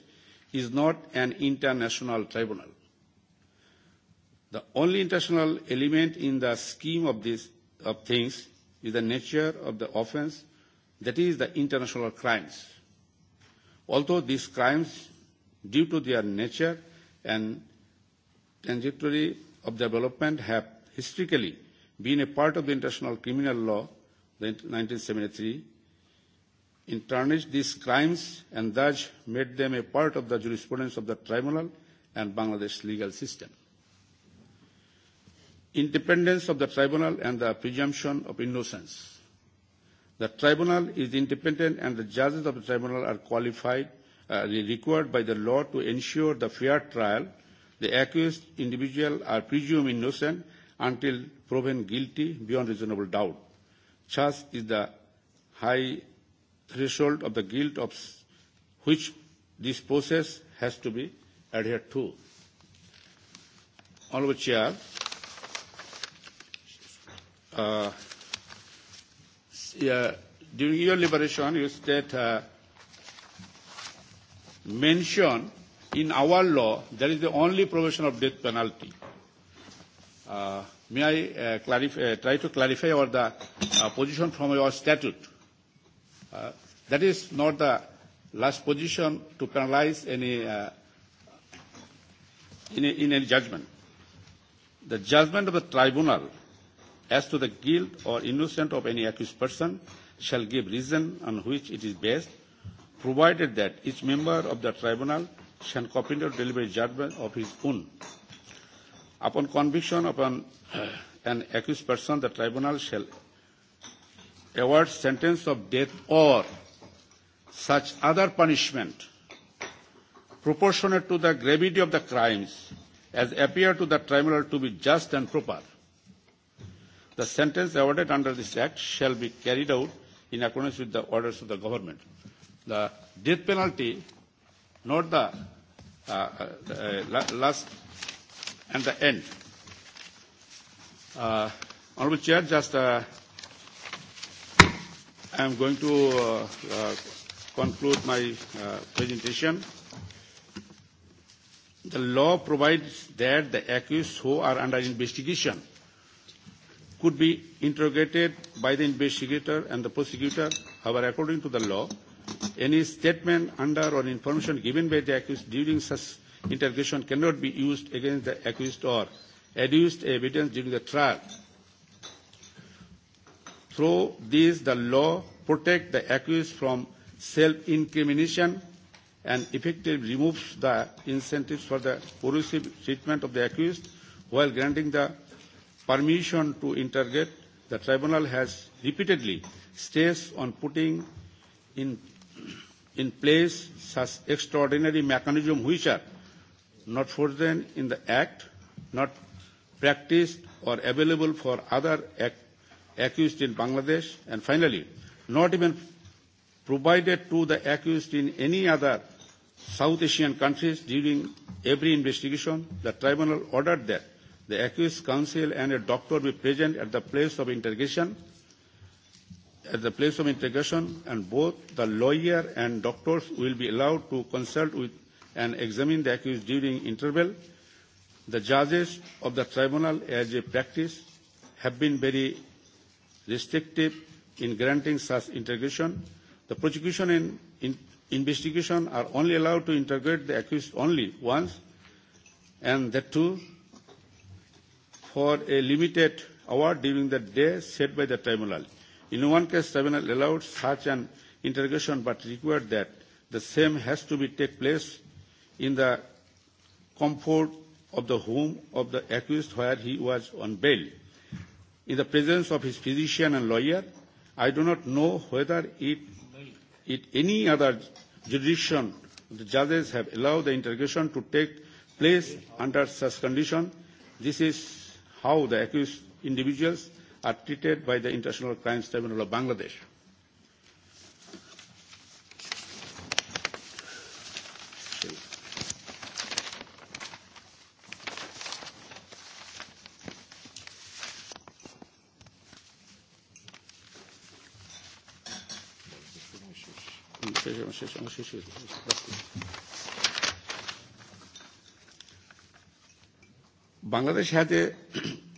S5: is not an international tribunal. The only international element in the scheme of things is the nature of the offence that is the international crimes. Although these crimes, due to their nature and trajectory of development, have historically been a part of the international criminal law, the 1973, turn these crimes and thus made them a part of the jurisprudence of the tribunal and Bangladesh legal system. Independence of the tribunal and the presumption of innocence The tribunal is independent and the judges of the tribunal are qualified, required by the law to ensure the fair trial. The accused individual are presumed innocent until proven guilty beyond reasonable doubt. Thus is the high threshold of the guilt of which this process has to be adhered to. Chair, during your liberation, you state mention in our law there is the only provision of death penalty. May I try to clarify or the position from your statute? That is not the last position to penalize any in any judgment. The judgment of the tribunal as to the guilt or innocence of any accused person shall give reason on which it is based, provided that each member of the tribunal shall copy or deliver judgment of his own. Upon conviction of an accused person, the tribunal shall award sentence of death or such other punishment proportionate to the gravity of the crimes as appear to the tribunal to be just and proper. The sentence awarded under this Act shall be carried out in accordance with the orders of the government. The death penalty, not the last and the end. Honorable Chair, just I am going to conclude my presentation. The law provides that the accused who are under investigation could be interrogated by the investigator and the prosecutor. However, according to the law, any statement under or information given by the accused during such interrogation cannot be used against the accused or adduced evidence during the trial. Through this, the law protects the accused from self-incrimination and effectively removes the incentives for the coercive treatment of the accused while granting the permission to interrogate, the tribunal has repeatedly stressed on putting in, in place such extraordinary mechanisms which are not foreseen in the Act, not practiced or available for other accused in Bangladesh, and finally, not even provided to the accused in any other South Asian countries during every investigation, the tribunal ordered that the accused counsel and a doctor will be present at the place of interrogation at the place of interrogation and both the lawyer and doctors will be allowed to consult with and examine the accused during interval. The judges of the tribunal as a practice have been very restrictive in granting such interrogation. The prosecution and investigation are only allowed to interrogate the accused only once and that too for a limited hour during the day set by the tribunal. In one case, tribunal allowed such an interrogation but required that the same has to be take place in the comfort of the home of the accused where he was on bail. In the presence of his physician and lawyer, I do not know whether it, it any other jurisdiction the judges have allowed the interrogation to take place under such condition. This is how the accused individuals are treated by the International Crimes Tribunal of Bangladesh. Bangladesh has a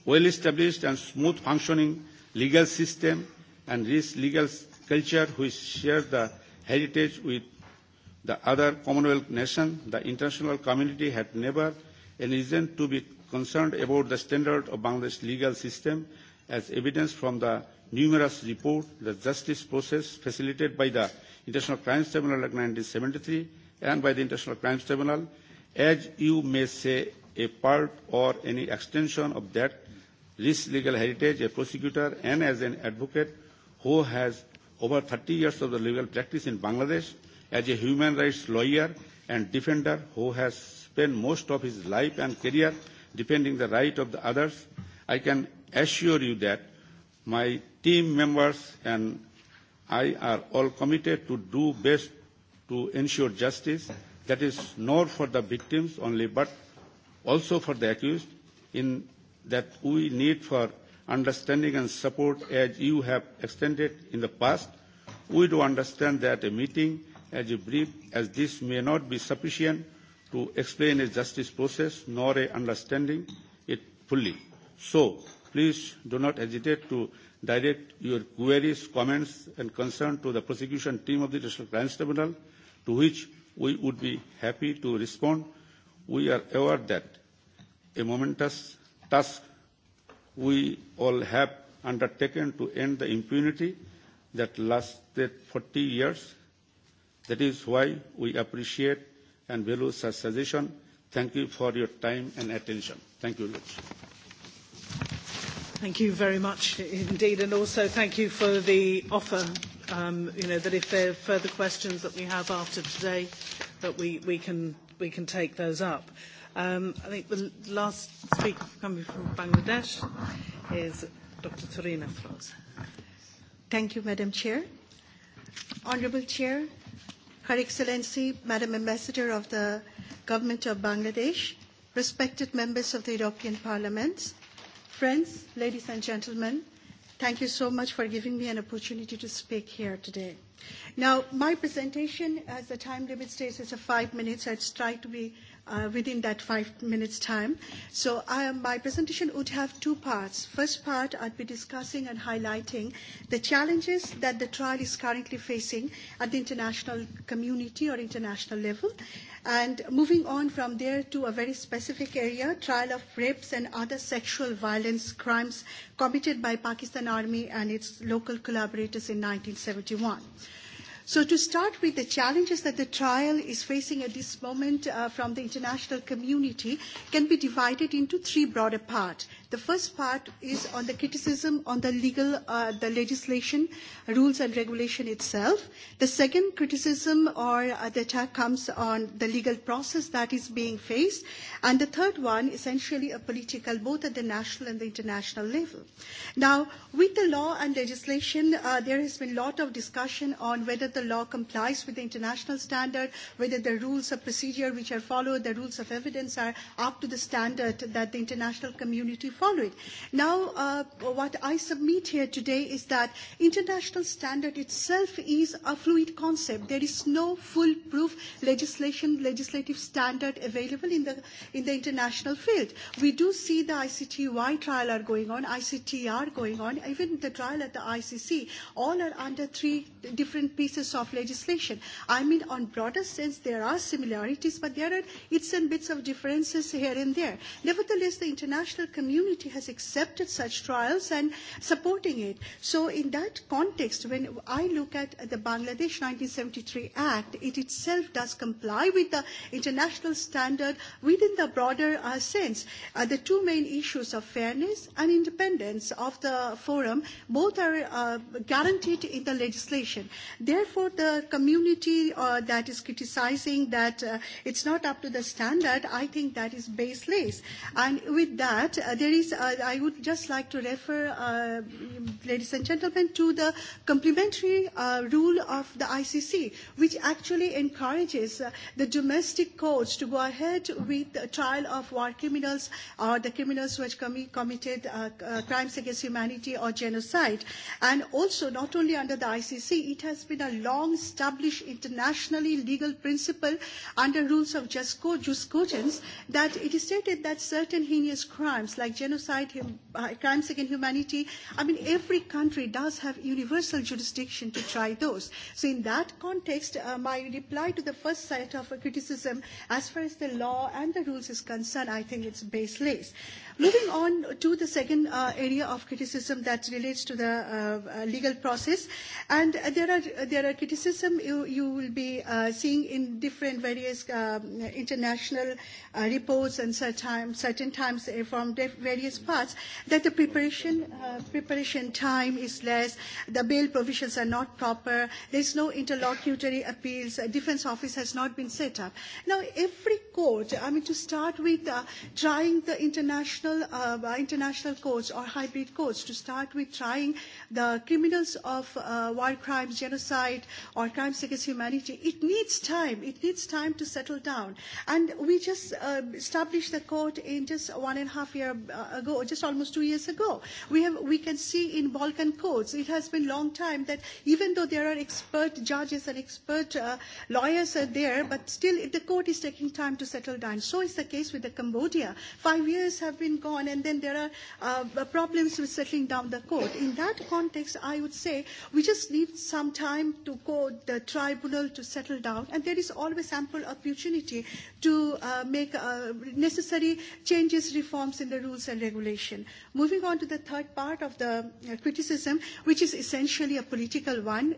S5: well-established and smooth-functioning legal system and rich legal culture which shares the heritage with the other Commonwealth nations. The international community had never any reason to be concerned about the standard of Bangladesh legal system as evidenced from the numerous reports, the justice process facilitated by the International Crimes Tribunal Act 1973 and by the International Crimes Tribunal, as you may say a part or any extension of that rich legal heritage, a prosecutor and as an advocate who has over 30 years of the legal practice in Bangladesh, as a human rights lawyer and defender who has spent most of his life and career defending the right of the others, I can assure you that my team members and I are all committed to do best to ensure justice that is not for the victims only but also for the accused, in that we need for understanding and support as you have extended in the past. We do understand that a meeting as brief as this may not be sufficient to explain a justice process nor a understanding it fully. So please do not hesitate to direct your queries, comments and concerns to the prosecution team of the District Crimes Tribunal to which we would be happy to respond. We are aware that a momentous task we all have undertaken to end the impunity that lasted 40 years. That is why we appreciate and value such suggestion. Thank you for your time and attention. Thank you.
S1: Thank you very much indeed, and also thank you for the offer. You know that if there are further questions that we have after today, that we we can we can take those up. I think the last speaker coming from Bangladesh is Dr. Torina Froze.
S7: Thank you, Madam Chair.
S1: Honourable Chair,
S7: Her Excellency, Madam Ambassador of the Government of Bangladesh, respected members of the European Parliament, friends, ladies and gentlemen, thank you so much for giving me an opportunity to speak here today. Now, my presentation, as the time limit states, is five minutes. I'd try to be within that five minutes time. So my presentation would have two parts. First part, I'd be discussing and highlighting the challenges that the trial is currently facing at the international community or international level. And moving on from there to a very specific area, trial of rapes and other sexual violence crimes committed by Pakistan Army and its local collaborators in 1971. So to start with the challenges that the trial is facing at this moment from the international community can be divided into three broader parts The first part is on the criticism on the legal, the legislation, rules and regulation itself. The second criticism or the attack comes on the legal process that is being faced. And the third one, essentially a political, both at the national and the international level. Now, with the law and legislation, there has been a lot of discussion on whether the law complies with the international standard, whether the rules of procedure which are followed, the rules of evidence are up to the standard that the international community follow it. Now, what I submit here today is that international standard itself is a fluid concept. There is no foolproof legislation, legislative standard available in the in the international field. We do see the ICTY trial are going on, ICTR going on, even the trial at the ICC. All are under three different pieces of legislation. I mean, on broader sense, there are similarities, but there are its and bits of differences here and there. Nevertheless, the international community community has accepted such trials and supporting it. So in that context, when I look at the Bangladesh 1973 Act, it itself does comply with the international standard within the broader sense. The two main issues of fairness and independence of the forum, both are guaranteed in the legislation. Therefore, the community that is criticizing that it's not up to the standard, I think that is baseless. And with that, there I would just like to refer, ladies and gentlemen, to the complementary rule of the ICC, which actually encourages the domestic courts to go ahead with the trial of war criminals or the criminals who have committed crimes against humanity or genocide. And also, not only under the ICC, it has been a long-established internationally legal principle under rules of just court, that it is stated that certain heinous crimes like genocide, crimes against humanity. I mean, every country does have universal jurisdiction to try those. So in that context, my reply to the first set of criticism, as far as the law and the rules is concerned, I think it's baseless. Moving on to the second area of criticism that relates to the legal process, and there are there are criticism you will be seeing in different various international reports and certain times from various parts that the preparation preparation time is less, the bail provisions are not proper, there is no interlocutory appeals, a defence office has not been set up. Now every court, I mean to start with, trying the international national international codes or hybrid codes to start with trying the criminals of war crimes, genocide, or crimes against humanity. It needs time. It needs time to settle down. And we just established the court in just one and a half year ago, just almost two years ago. We have we can see in Balkan courts, it has been a long time that even though there are expert judges and expert lawyers are there, but still the court is taking time to settle down. So is the case with the Cambodia. Five years have been gone, and then there are problems with settling down the court. In that context, I would say we just need some time to go the tribunal to settle down, and there is always ample opportunity to make necessary changes, reforms in the rules and regulation. Moving on to the third part of the criticism, which is essentially a political one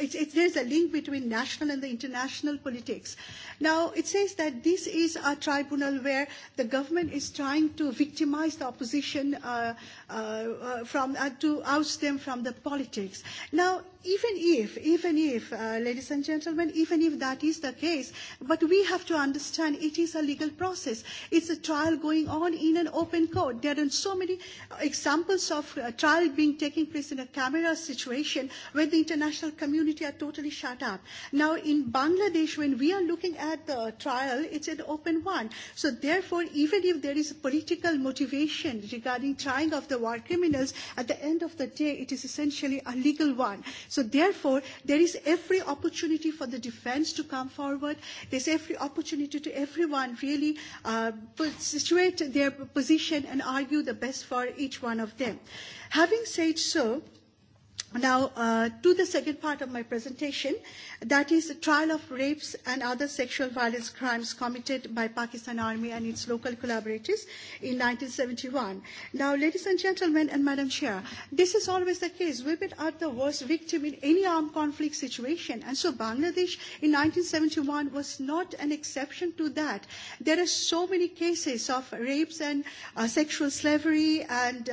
S7: There is a link between national and the international politics. Now, it says that this is a tribunal where the government is trying to victimize the opposition from to oust them from the politics. Now, even if, even if, ladies and gentlemen, even if that is the case, but we have to understand it is a legal process. It's a trial going on in an open court. There are so many examples of a trial being taking place in a camera situation where the international community community are totally shut up. Now, in Bangladesh, when we are looking at the trial, it's an open one. So therefore, even if there is a political motivation regarding trying of the war criminals, at the end of the day, it is essentially a legal one. So therefore, there is every opportunity for the defense to come forward. There's every opportunity to everyone really situate their position and argue the best for each one of them. Having said so, Now, to the second part of my presentation, that is the trial of rapes and other sexual violence crimes committed by Pakistan Army and its local collaborators in 1971. Now, ladies and gentlemen and Madam Chair, this is always the case. Women are the worst victim in any armed conflict situation. And so Bangladesh in 1971 was not an exception to that. There are so many cases of rapes and sexual slavery and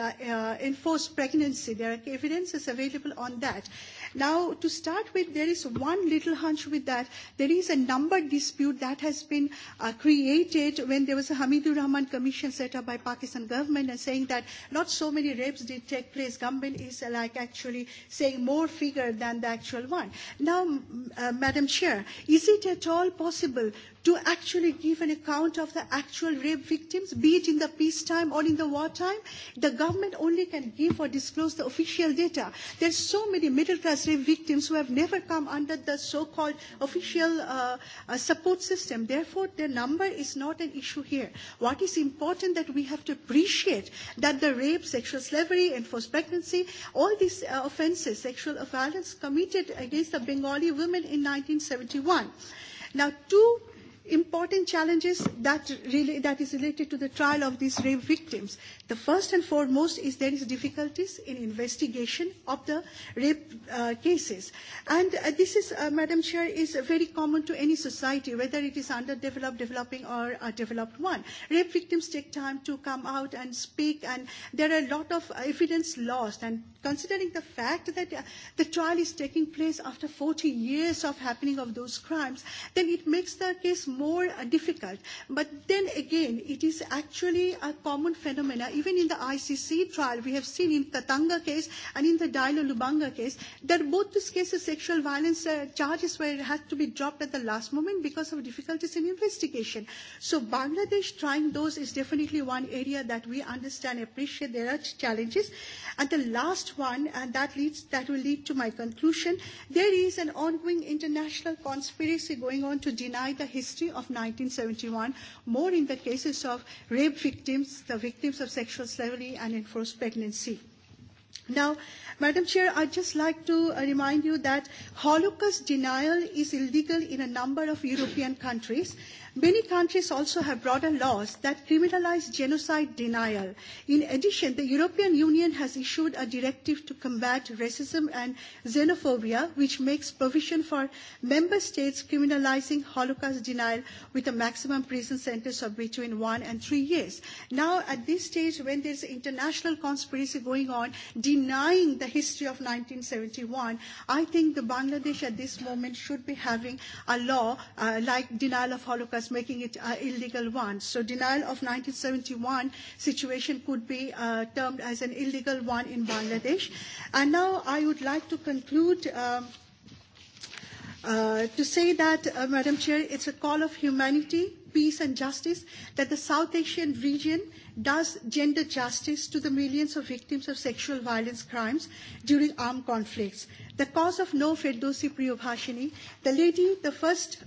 S7: enforced pregnancy. There are evidences available on that. Now, to start with, there is one little hunch with that. There is a number dispute that has been created when there was a Hamidur Rahman Commission set up by Pakistan government and saying that not so many rapes did take place. Government is like actually saying more figure than the actual one. Now, Madam Chair, is it at all possible to actually give an account of the actual rape victims, be it in the peacetime or in the wartime. The government only can give or disclose the official data. There are so many middle-class rape victims who have never come under the so-called official support system. Therefore, their number is not an issue here. What is important that we have to appreciate that the rape, sexual slavery, forced pregnancy, all these offences, sexual violence committed against the Bengali women in 1971. Now, two important challenges that really that is related to the trial of these rape victims The first and foremost is there is difficulties in investigation of the rape cases. And this is, Madam Chair, is very common to any society, whether it is underdeveloped, developing or a developed one. Rape victims take time to come out and speak and there are a lot of evidence lost. And considering the fact that the trial is taking place after 40 years of happening of those crimes, then it makes the case more difficult. But then again, it is actually a common phenomenon even in the ICC trial, we have seen in the Tatanga case and in the Dailo Lubanga case that both these cases, sexual violence charges were had to be dropped at the last moment because of difficulties in investigation. So Bangladesh trying those is definitely one area that we understand, appreciate there are challenges. And the last one, and that leads that will lead to my conclusion, there is an ongoing international conspiracy going on to deny the history of 1971, more in the cases of rape victims, the victims of sexual sexual slavery and enforced pregnancy. Now, Madam Chair, I'd just like to remind you that Holocaust denial is illegal in a number of European countries Many countries also have broader laws that criminalize genocide denial. In addition, the European Union has issued a directive to combat racism and xenophobia, which makes provision for member states criminalizing Holocaust denial with a maximum prison sentence of between one and three years. Now, at this stage, when there's international conspiracy going on denying the history of 1971, I think the Bangladesh at this moment should be having a law like denial of Holocaust as making it an illegal one. So denial of 1971 situation could be termed as an illegal one in Bangladesh. And now I would like to conclude to say that, Madam Chair, it's a call of humanity peace and justice that the South Asian region does gender justice to the millions of victims of sexual violence crimes during armed conflicts. The cause of No Feddosi Priyobhashini, the lady, the first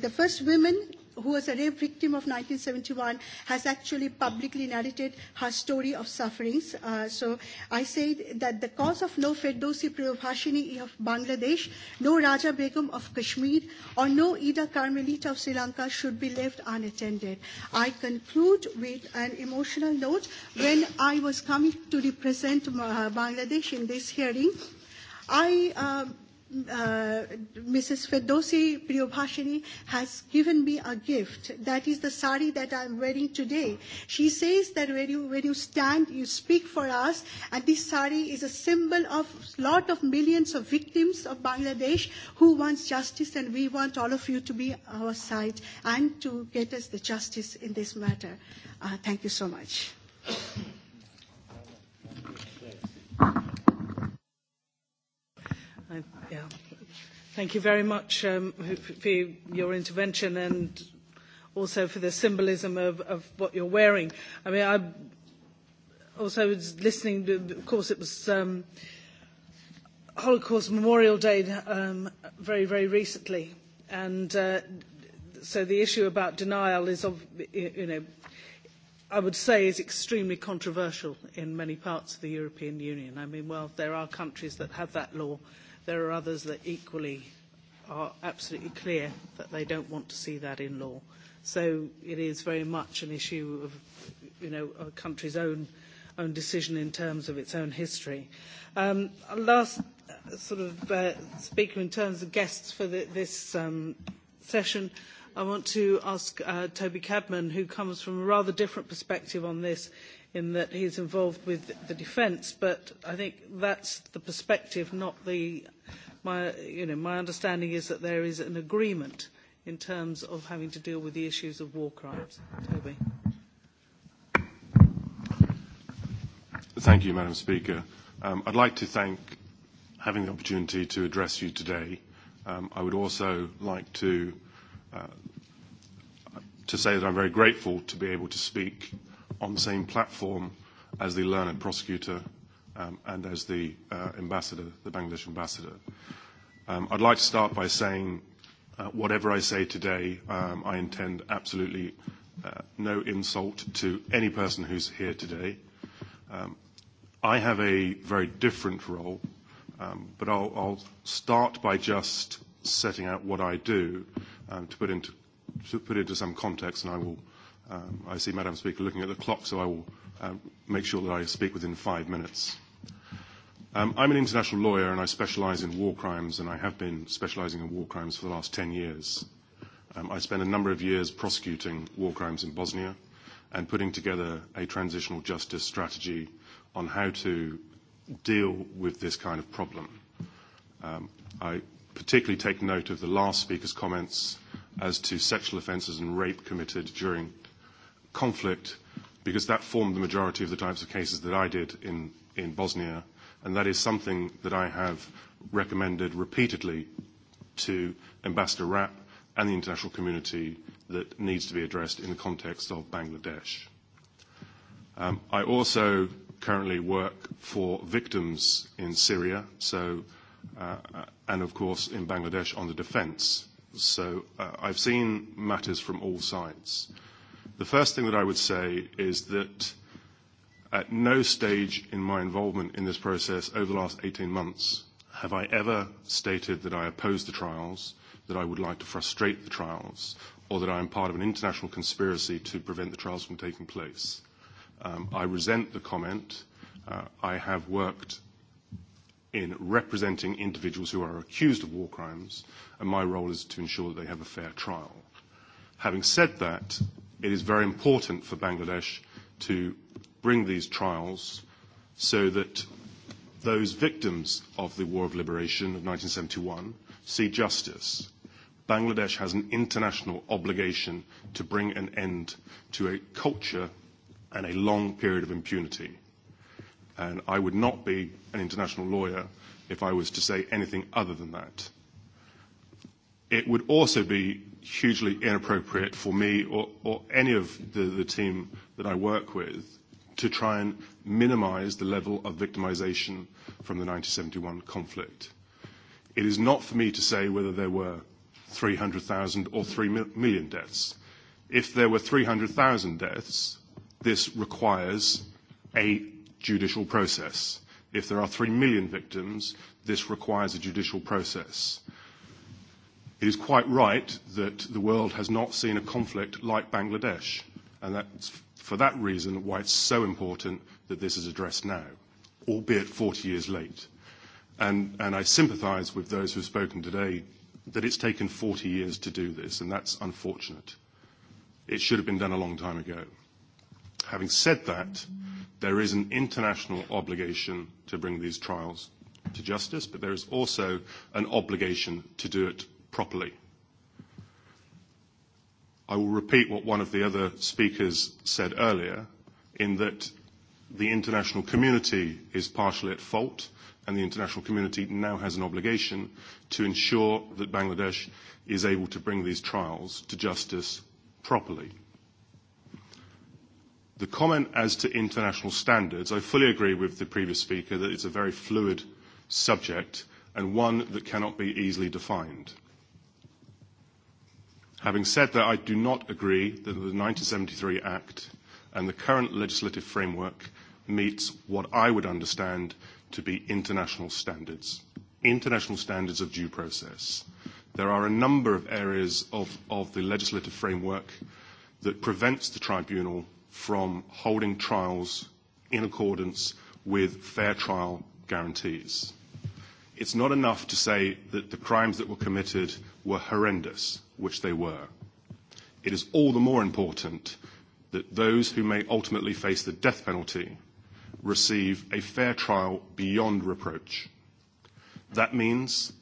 S7: the first woman who was a rape victim of 1971, has actually publicly narrated her story of sufferings. So I say that the cause of no Ferdowsi Prabhashini of Bangladesh, no Raja Begum of Kashmir, or no Ida Carmelita of Sri Lanka should be left unattended. I conclude with an emotional note. When I was coming to represent Bangladesh in this hearing, I Mrs. Fedosi Priyobhashini has given me a gift. That is the sari that I'm wearing today. She says that when you, you stand, you speak for us, and this sari is a symbol of a lot of millions of victims of Bangladesh who wants justice, and we want all of you to be our side and to get us the justice in this matter. thank you so much.
S1: Thank you very much for your intervention and also for the symbolism of what you're wearing. I mean, I also was listening. Of course, it was Holocaust Memorial Day very, very recently, and so the issue about denial is, of you know, I would say is extremely controversial in many parts of the European Union. I mean, well, there are countries that have that law There are others that equally are absolutely clear that they don't want to see that in law. So it is very much an issue of, you know, a country's own own decision in terms of its own history. Last sort of speaker in terms of guests for this session, I want to ask Toby Cadman, who comes from a rather different perspective on this in that he's involved with the defence, but I think that's the perspective, not the. My, you know, my understanding is that there is an agreement in terms of having to deal with the issues of war crimes. Toby.
S8: Thank you, Madam Speaker. I'd like to thank having the opportunity to address you today. I would also like to to say that I'm very grateful to be able to speak on the same platform as the learned prosecutor and as the ambassador, the Bangladesh ambassador. I'd like to start by saying whatever I say today, I intend absolutely no insult to any person who's here today. I have a very different role, but I'll start by just setting out what I do to put into some context, and I will I see Madam Speaker looking at the clock, so I will make sure that I speak within five minutes. I'm an international lawyer and I specialise in war crimes and I have been specialising in war crimes for the last 10 years. I spent a number of years prosecuting war crimes in Bosnia and putting together a transitional justice strategy on how to deal with this kind of problem. I particularly take note of the last speaker's comments as to sexual offences and rape committed during conflict, because that formed the majority of the types of cases that I did in in Bosnia, and that is something that I have recommended repeatedly to Ambassador Rapp and the international community that needs to be addressed in the context of Bangladesh. I also currently work for victims in Syria, so and of course in Bangladesh on the defence. So I've seen matters from all sides. The first thing that I would say is that at no stage in my involvement in this process over the last 18 months have I ever stated that I oppose the trials, that I would like to frustrate the trials, or that I am part of an international conspiracy to prevent the trials from taking place. I resent the comment. I have worked in representing individuals who are accused of war crimes, and my role is to ensure that they have a fair trial. Having said that, it is very important for Bangladesh to bring these trials so that those victims of the War of Liberation of 1971 see justice. Bangladesh has an international obligation to bring an end to a culture and a long period of impunity. And I would not be an international lawyer if I was to say anything other than that. It would also be hugely inappropriate for me or, or any of the, the team that I work with to try and minimize the level of victimization from the 1971 conflict. It is not for me to say whether there were 300,000 or 3 million deaths. If there were 300,000 deaths, this requires a judicial process. If there are 3 million victims, this requires a judicial process. It is quite right that the world has not seen a conflict like Bangladesh, and that's for that reason why it's so important that this is addressed now, albeit 40 years late. And I sympathise with those who have spoken today that it's taken 40 years to do this, and that's unfortunate. It should have been done a long time ago. Having said that, there is an international obligation to bring these trials to justice, but there is also an obligation to do it properly. I will repeat what one of the other speakers said earlier, in that the international community is partially at fault, and the international community now has an obligation to ensure that Bangladesh is able to bring these trials to justice properly. The comment as to international standards, I fully agree with the previous speaker that it's a very fluid subject and one that cannot be easily defined. Having said that, I do not agree that the 1973 Act and the current legislative framework meets what I would understand to be international standards, international standards of due process. There are a number of areas of the legislative framework that prevents the tribunal from holding trials in accordance with fair trial guarantees. It's not enough to say that the crimes that were committed were horrendous which they were. It is all the more important that those who may ultimately face the death penalty receive a fair trial beyond reproach. That means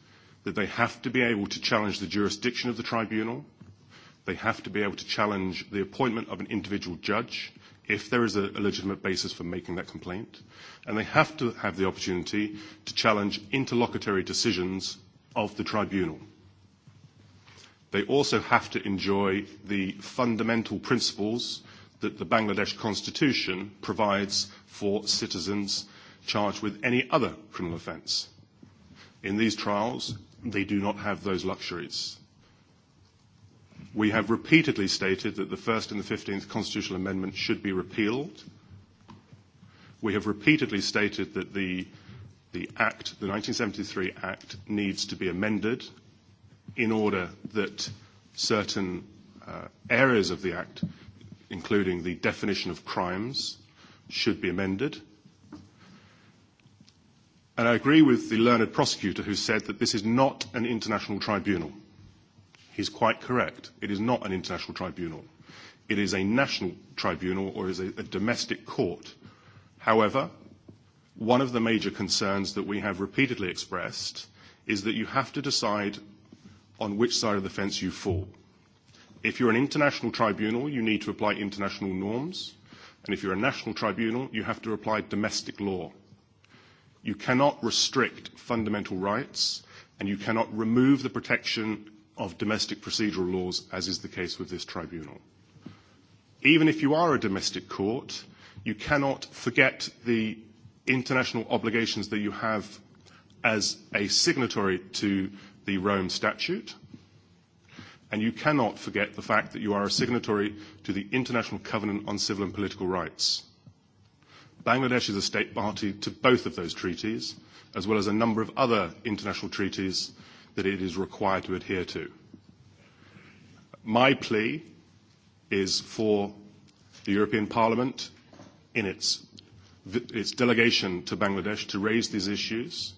S8: that they have to be able to challenge the jurisdiction of the tribunal. They have to be able to challenge the appointment of an individual judge if there is a legitimate basis for making that complaint. And they have to have the opportunity to challenge interlocutory decisions of the tribunal. They also have to enjoy the fundamental principles that the Bangladesh Constitution provides for citizens charged with any other criminal offence. In these trials, they do not have those luxuries. We have repeatedly stated that the First and the 15th Constitutional Amendment should be repealed. We have repeatedly stated that the Act, the 1973 Act, needs to be amended in order that certain areas of the Act, including the definition of crimes, should be amended. And I agree with the learned prosecutor who said that this is not an international tribunal. He's quite correct. It is not an international tribunal. It is a national tribunal or is a domestic court. However, one of the major concerns that we have repeatedly expressed is that you have to decide on which side of the fence you fall. If you're an international tribunal, you need to apply international norms, and if you're a national tribunal, you have to apply domestic law. You cannot restrict fundamental rights, and you cannot remove the protection of domestic procedural laws, as is the case with this tribunal. Even if you are a domestic court, you cannot forget the international obligations that you have as a signatory to the Rome Statute, and you cannot forget the fact that you are a signatory to the International Covenant on Civil and Political Rights. Bangladesh is a state party to both of those treaties, as well as a number of other international treaties that it is required to adhere to. My plea is for the European Parliament in its its delegation to Bangladesh to raise these issues,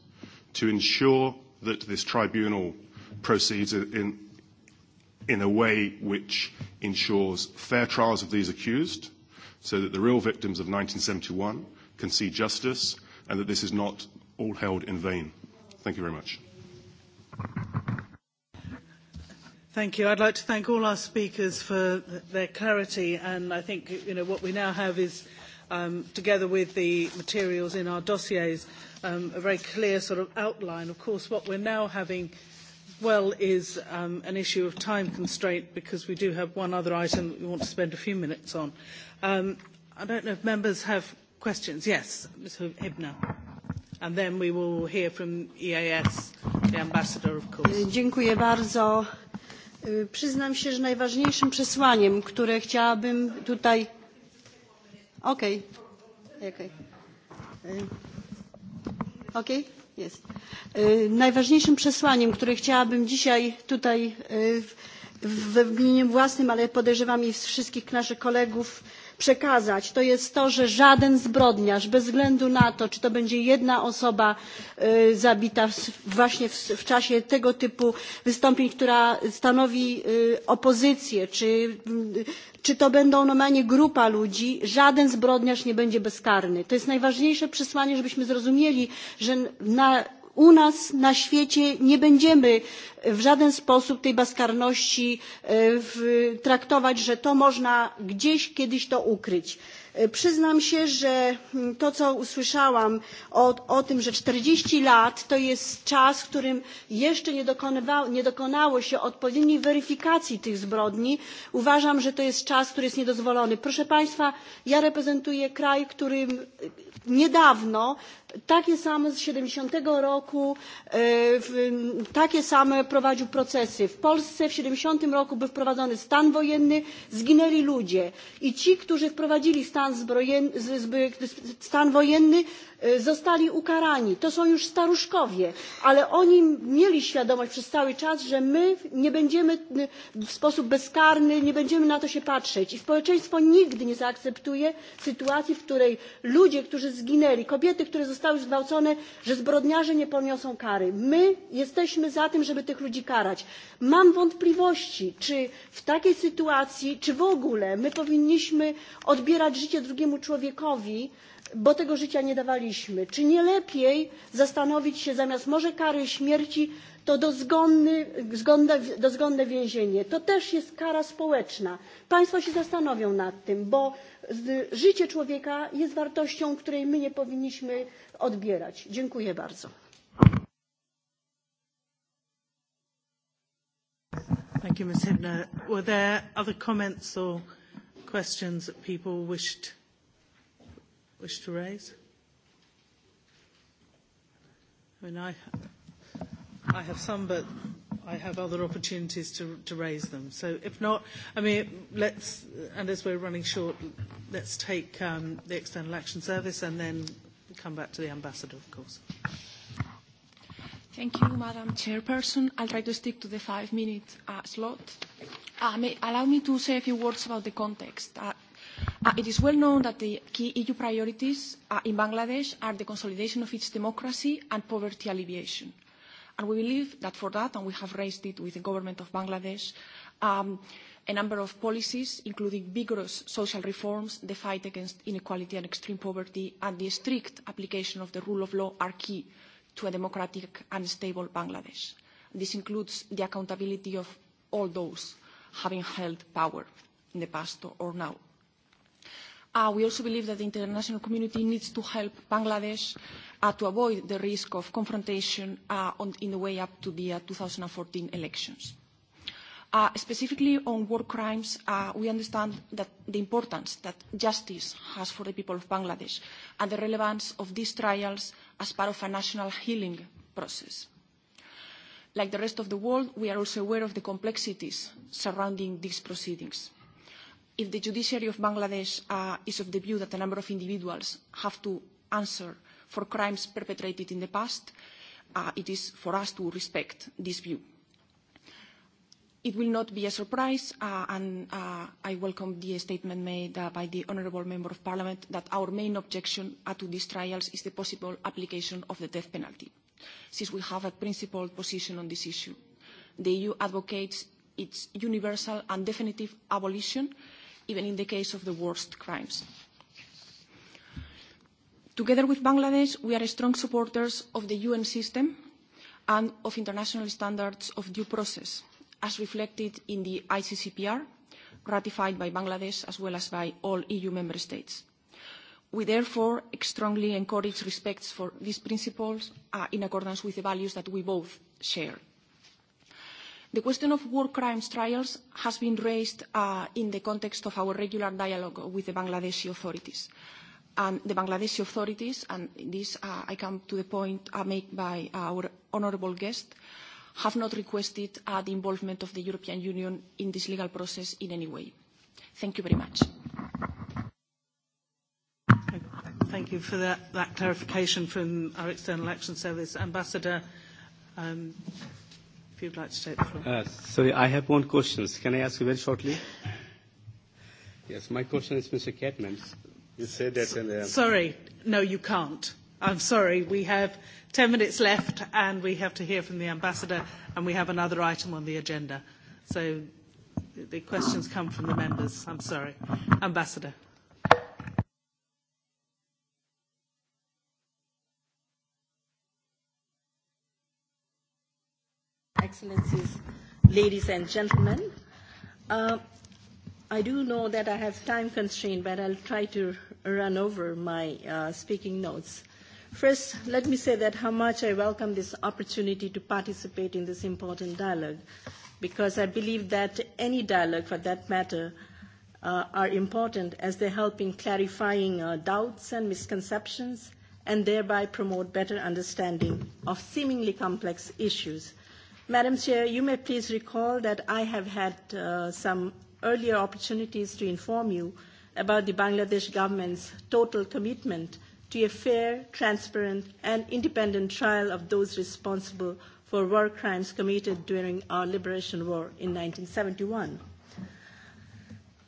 S8: to ensure that this tribunal proceeds in in a way which ensures fair trials of these accused so that the real victims of 1971 can see justice and that this is not all held in vain. Thank you very much.
S1: Thank you. I'd like to thank all our speakers for their clarity and I think you know what we now have is together with the materials in our dossiers um, a very clear sort of outline. Of course, what we're now having, well, is um, an issue of time constraint because we do have one other item that we want to spend a few minutes on. Um, I don't know if members have questions. Yes, Ms. Hibner. And then we will hear from EAS, the ambassador, of course. Dziękuję bardzo.
S9: Przyznam się, że najważniejszym przesłaniem, które chciałabym tutaj... Okej najważniejszym przesłaniem które chciałabym dzisiaj tutaj w imieniu własnym ale podejrzewam i wszystkich naszych kolegów przekazać to jest to że żaden zbrodniarz bez względu na to czy to będzie jedna osoba zabita właśnie w czasie tego typu wystąpień która stanowi opozycję czy to będą normalnie grupa ludzi żaden zbrodniarz nie będzie bezkarny. to jest najważniejsze przesłanie żebyśmy zrozumieli że na u nas na świecie nie będziemy w żaden sposób tej baskarności traktować że to można gdzieś kiedyś to ukryć. przyznam się że to co usłyszałam o tym że 40 lat to jest czas w którym jeszcze nie dokonało się odpowiedniej weryfikacji tych zbrodni uważam że to jest czas który jest niedozwolony. proszę państwa ja reprezentuję kraj którym niedawno Takie same z 70 roku, takie same prowadził procesy. W Polsce w 70 roku był wprowadzony stan wojenny, zginęli ludzie i ci, którzy wprowadzili stan wojenny zostali ukarani. To są już staruszkowie, ale oni mieli świadomość przez cały czas, że my nie będziemy w sposób bezkarny, nie będziemy na to się patrzeć. I społeczeństwo nigdy nie zaakceptuje sytuacji, w której ludzie, którzy zginęli, kobiety, które zostały zostały zgwałcone, że zbrodniarze nie poniosą kary. My jesteśmy za tym, żeby tych ludzi karać. Mam wątpliwości, czy w takiej sytuacji, czy w ogóle my powinniśmy odbierać życie drugiemu człowiekowi, bo tego życia nie dawaliśmy. Czy nie lepiej zastanowić się zamiast może kary śmierci to dozgonne więzienie. To też jest kara społeczna. Państwo się zastanowią nad tym, bo życie człowieka jest wartością, której my nie powinniśmy odbierać.
S1: Dziękuję bardzo. Thank you, Ms. Were there other comments or questions that people wished to raise? I I have some, but I have other opportunities to to raise them. So if not, I mean, let's, and as we're running short, let's take the External Action Service and then come back to the Ambassador, of course.
S10: Thank you, Madam Chairperson. I'll try to stick to the five-minute slot. Allow me to say a few words about the context. It is well known that the key EU priorities in Bangladesh are the consolidation of its democracy and poverty alleviation. And we believe that for that, and we have raised it with the government of Bangladesh, a number of policies, including vigorous social reforms, the fight against inequality and extreme poverty, and the strict application of the rule of law are key to a democratic and stable Bangladesh. This includes the accountability of all those having held power in the past or now. We also believe that the international community needs to help Bangladesh to avoid the risk of confrontation in the way up to the 2014 elections. Specifically on war crimes, we understand that the importance that justice has for the people of Bangladesh and the relevance of these trials as part of a national healing process. Like the rest of the world, we are also aware of the complexities surrounding these proceedings. If the judiciary of Bangladesh is of the view that a number of individuals have to answer for crimes perpetrated in the past, it is for us to respect this view. It will not be a surprise, and I welcome the statement made by the Honourable Member of Parliament that our main objection to these trials is the possible application of the death penalty, since we have a principled position on this issue. The EU advocates its universal and definitive abolition, even in the case of the worst crimes. Together with Bangladesh, we are strong supporters of the UN system and of international standards of due process, as reflected in the ICCPR, ratified by Bangladesh as well as by all EU member states. We therefore strongly encourage respect for these principles in accordance with the values that we both share. The question of war crimes trials has been raised in the context of our regular dialogue with the Bangladeshi authorities and the Bangladeshi authorities, and this I come to the point made by our honourable guest, have not requested the involvement of the European Union in this legal process in any way. Thank you very much.
S1: Thank you for that clarification from our External Action Service. Ambassador, if you'd like to take the floor.
S5: Sorry, I have one question. Can I ask you very shortly? Yes, my question is Mr. Catman. You say that.
S1: Sorry, no, you can't. I'm sorry. We have 10 minutes left, and we have to hear from the ambassador, and we have another item on the agenda. So the questions come from the members. I'm sorry, ambassador.
S11: Excellencies, ladies and gentlemen. I do know that I have time constraint, but I'll try to run over my speaking notes. First, let me say that how much I welcome this opportunity to participate in this important dialogue, because I believe that any dialogue, for that matter, are important as they help in clarifying doubts and misconceptions and thereby promote better understanding of seemingly complex issues. Madam Chair, you may please recall that I have had some earlier opportunities to inform you about the Bangladesh government's total commitment to a fair, transparent, and independent trial of those responsible for war crimes committed during our liberation war in 1971.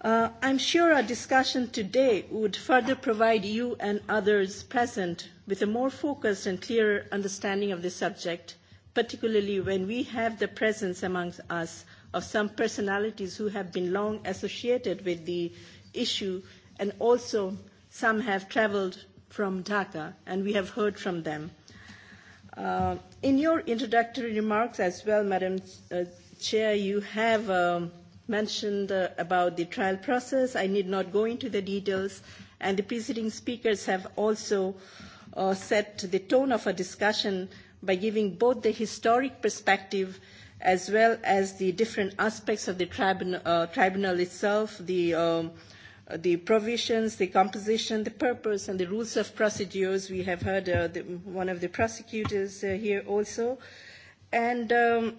S11: I'm sure our discussion today would further provide you and others present with a more focused and clearer understanding of the subject, particularly when we have the presence amongst us of some personalities who have been long associated with the issue and also some have travelled from Dhaka and we have heard from them. In your introductory remarks as well, Madam Chair, you have mentioned about the trial process. I need not go into the details and the preceding speakers have also set the tone of a discussion by giving both the historic perspective as well as the different aspects of the tribunal itself, the the provisions, the composition, the purpose, and the rules of procedures. We have heard one of the prosecutors here also. And Madam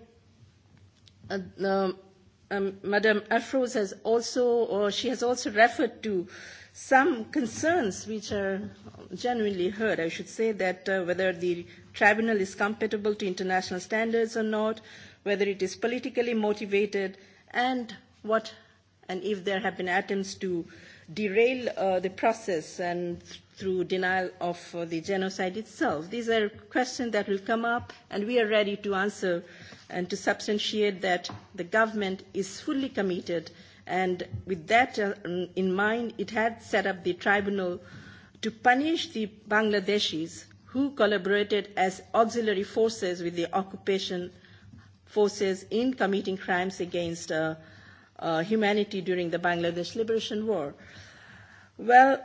S11: Afros has also, or she has also referred to some concerns which are genuinely heard. I should say that whether the tribunal is compatible to international standards or not, whether it is politically motivated and what and if there have been attempts to derail the process and through denial of the genocide itself. These are questions that will come up and we are ready to answer and to substantiate that the government is fully committed and with that in mind it had set up the tribunal to punish the Bangladeshis who collaborated as auxiliary forces with the occupation forces in committing crimes against humanity during the Bangladesh Liberation War. Well,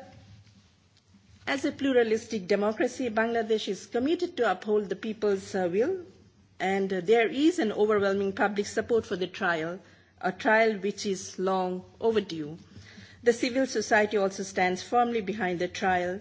S11: as a pluralistic democracy, Bangladesh is committed to uphold the people's will, and there is an overwhelming public support for the trial, a trial which is long overdue. The civil society also stands firmly behind the trial,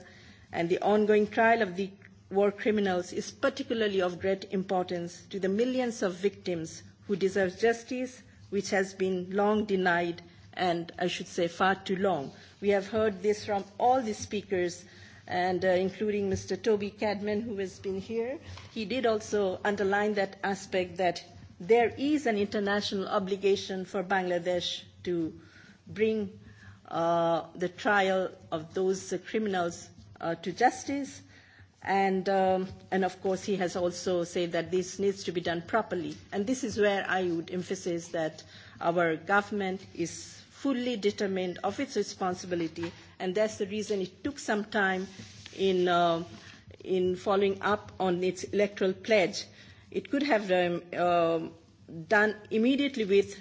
S11: and the ongoing trial of the war criminals is particularly of great importance to the millions of victims who deserve justice, which has been long denied and I should say far too long. We have heard this from all the speakers and including Mr. Toby Cadman, who has been here. He did also underline that aspect that there is an international obligation for Bangladesh to bring the trial of those criminals to justice and and of course he has also said that this needs to be done properly and this is where i would emphasize that our government is fully determined of its responsibility and that's the reason it took some time in in following up on its electoral pledge it could have done immediately with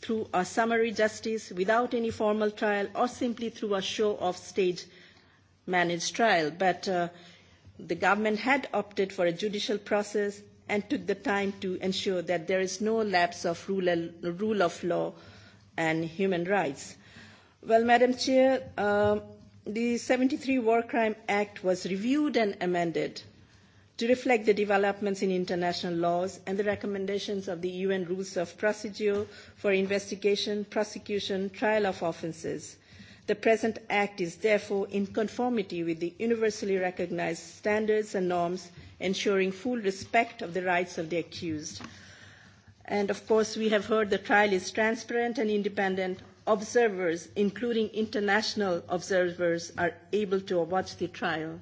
S11: through a summary justice without any formal trial or simply through a show of stage managed trial but the government had opted for a judicial process and took the time to ensure that there is no lapse of rule of law and human rights. Well, Madam Chair, the 73 War Crime Act was reviewed and amended to reflect the developments in international laws and the recommendations of the UN Rules of Procedure for investigation, prosecution, trial of offences The present Act is therefore in conformity with the universally recognised standards and norms, ensuring full respect of the rights of the accused. And of course, we have heard the trial is transparent and independent. Observers, including international observers, are able to watch the trial.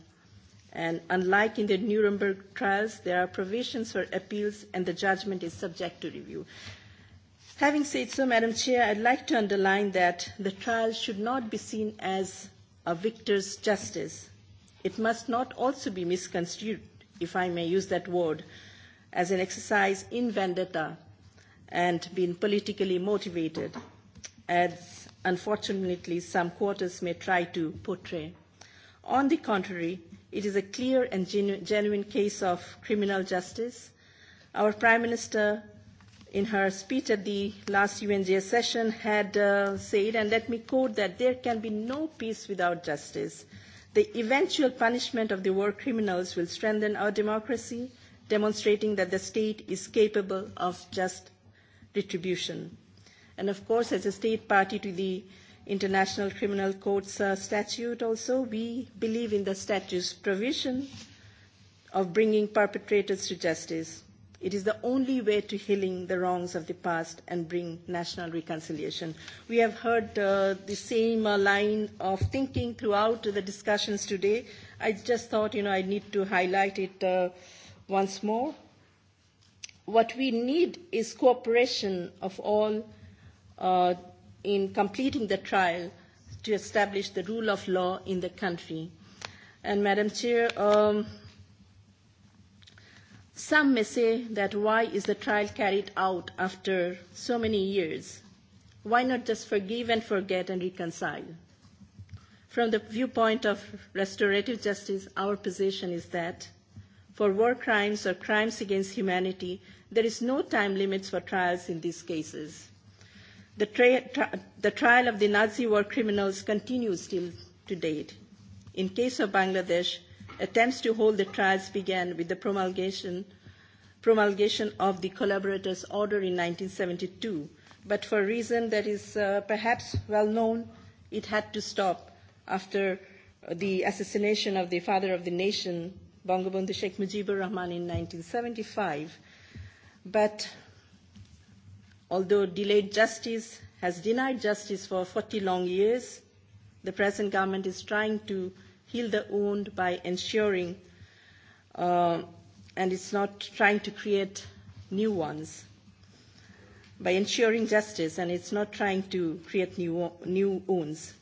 S11: And unlike in the Nuremberg trials, there are provisions for appeals and the judgment is subject to review. Having said so, Madam Chair, I'd like to underline that the trial should not be seen as a victor's justice. It must not also be misconstrued, if I may use that word, as an exercise in vendetta and being politically motivated, as unfortunately some quarters may try to portray. On the contrary, it is a clear and genuine case of criminal justice. Our Prime Minister in her speech at the last UNGS session, had said, and let me quote, that there can be no peace without justice. The eventual punishment of the war criminals will strengthen our democracy, demonstrating that the state is capable of just retribution. And of course, as a state party to the International Criminal Court's statute also, we believe in the statute's provision of bringing perpetrators to justice. It is the only way to healing the wrongs of the past and bring national reconciliation. We have heard the same line of thinking throughout the discussions today. I just thought, you know, I need to highlight it once more. What we need is cooperation of all in completing the trial to establish the rule of law in the country. And, Madam Chair, Some may say that why is the trial carried out after so many years? Why not just forgive and forget and reconcile? From the viewpoint of restorative justice, our position is that for war crimes or crimes against humanity, there is no time limits for trials in these cases. The trial of the Nazi war criminals continues till to date. In case of Bangladesh, attempts to hold the trials began with the promulgation promulgation of the collaborators order in 1972 but for a reason that is perhaps well known it had to stop after the assassination of the father of the nation Bangabandhu Sheikh Mujibur Rahman in 1975 but although delayed justice has denied justice for 40 long years the present government is trying to heal the wound by ensuring and it's not trying to create new ones by ensuring justice and it's not trying to create new new wounds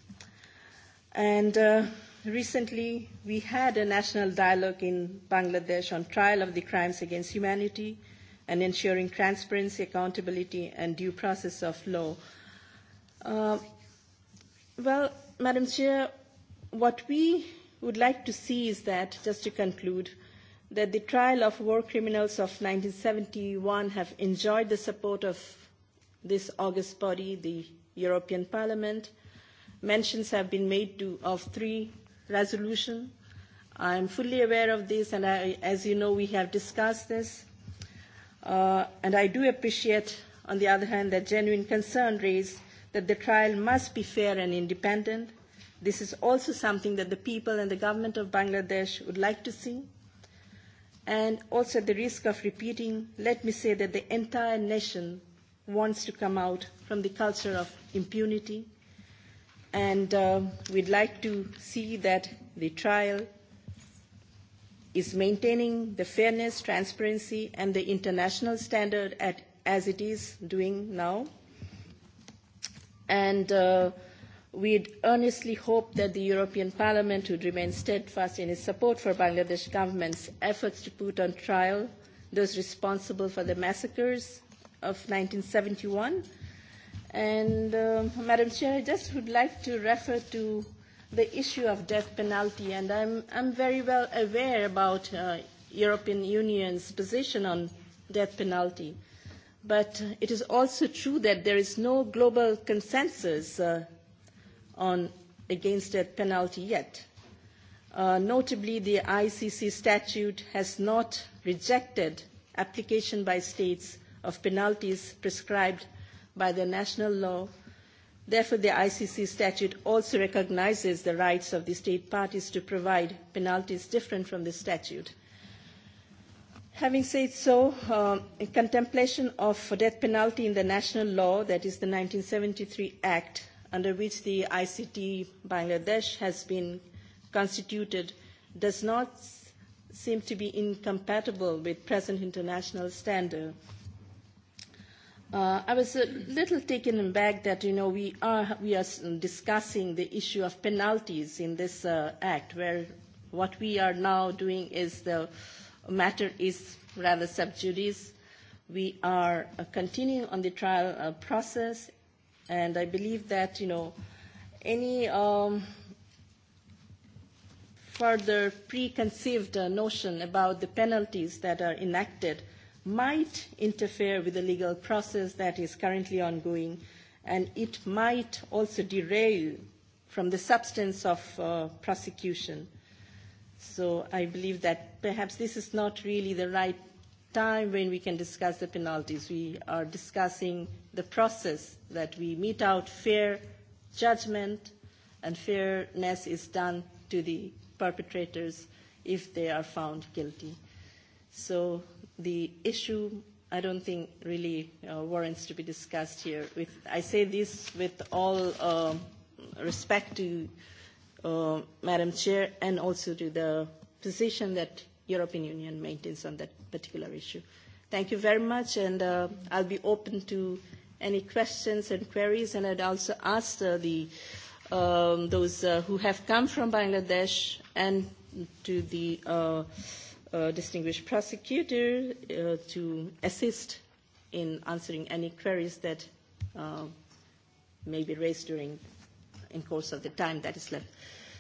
S11: and recently we had a national dialogue in bangladesh on trial of the crimes against humanity and ensuring transparency accountability and due process of law well madam chair what we would like to see is that, just to conclude, that the trial of war criminals of 1971 have enjoyed the support of this August body, the European Parliament. Mentions have been made of three resolutions. I am fully aware of this, and as you know, we have discussed this. And I do appreciate, on the other hand, that genuine concern raised that the trial must be fair and independent This is also something that the people and the government of Bangladesh would like to see. And also at the risk of repeating, let me say that the entire nation wants to come out from the culture of impunity. And we'd like to see that the trial is maintaining the fairness, transparency, and the international standard as it is doing now. And We earnestly hope that the European Parliament would remain steadfast in its support for Bangladesh government's efforts to put on trial those responsible for the massacres of 1971. And, Madam Chair, I just would like to refer to the issue of death penalty, and I'm I'm very well aware about European Union's position on death penalty, but it is also true that there is no global consensus on against death penalty yet. Notably, the ICC statute has not rejected application by states of penalties prescribed by the national law. Therefore, the ICC statute also recognises the rights of the state parties to provide penalties different from the statute. Having said so, in contemplation of death penalty in the national law, that is the 1973 Act, under which the ICT Bangladesh has been constituted does not seem to be incompatible with present international standard. I was a little taken aback that, you know, we are discussing the issue of penalties in this Act, where what we are now doing is the matter is rather sub judice. We are continuing on the trial process And I believe that, you know, any um, further preconceived notion about the penalties that are enacted might interfere with the legal process that is currently ongoing, and it might also derail from the substance of prosecution. So I believe that perhaps this is not really the right time when we can discuss the penalties. We are discussing the process that we mete out fair judgment and fairness is done to the perpetrators if they are found guilty. So the issue I don't think really warrants to be discussed here. With I say this with all respect to Madam Chair and also to the position that European Union maintains on that particular issue. Thank you very much and I'll be open to any questions and queries, and I'd also ask the those who have come from Bangladesh and to the distinguished prosecutor to assist in answering any queries that may be raised during in course of the time that is left.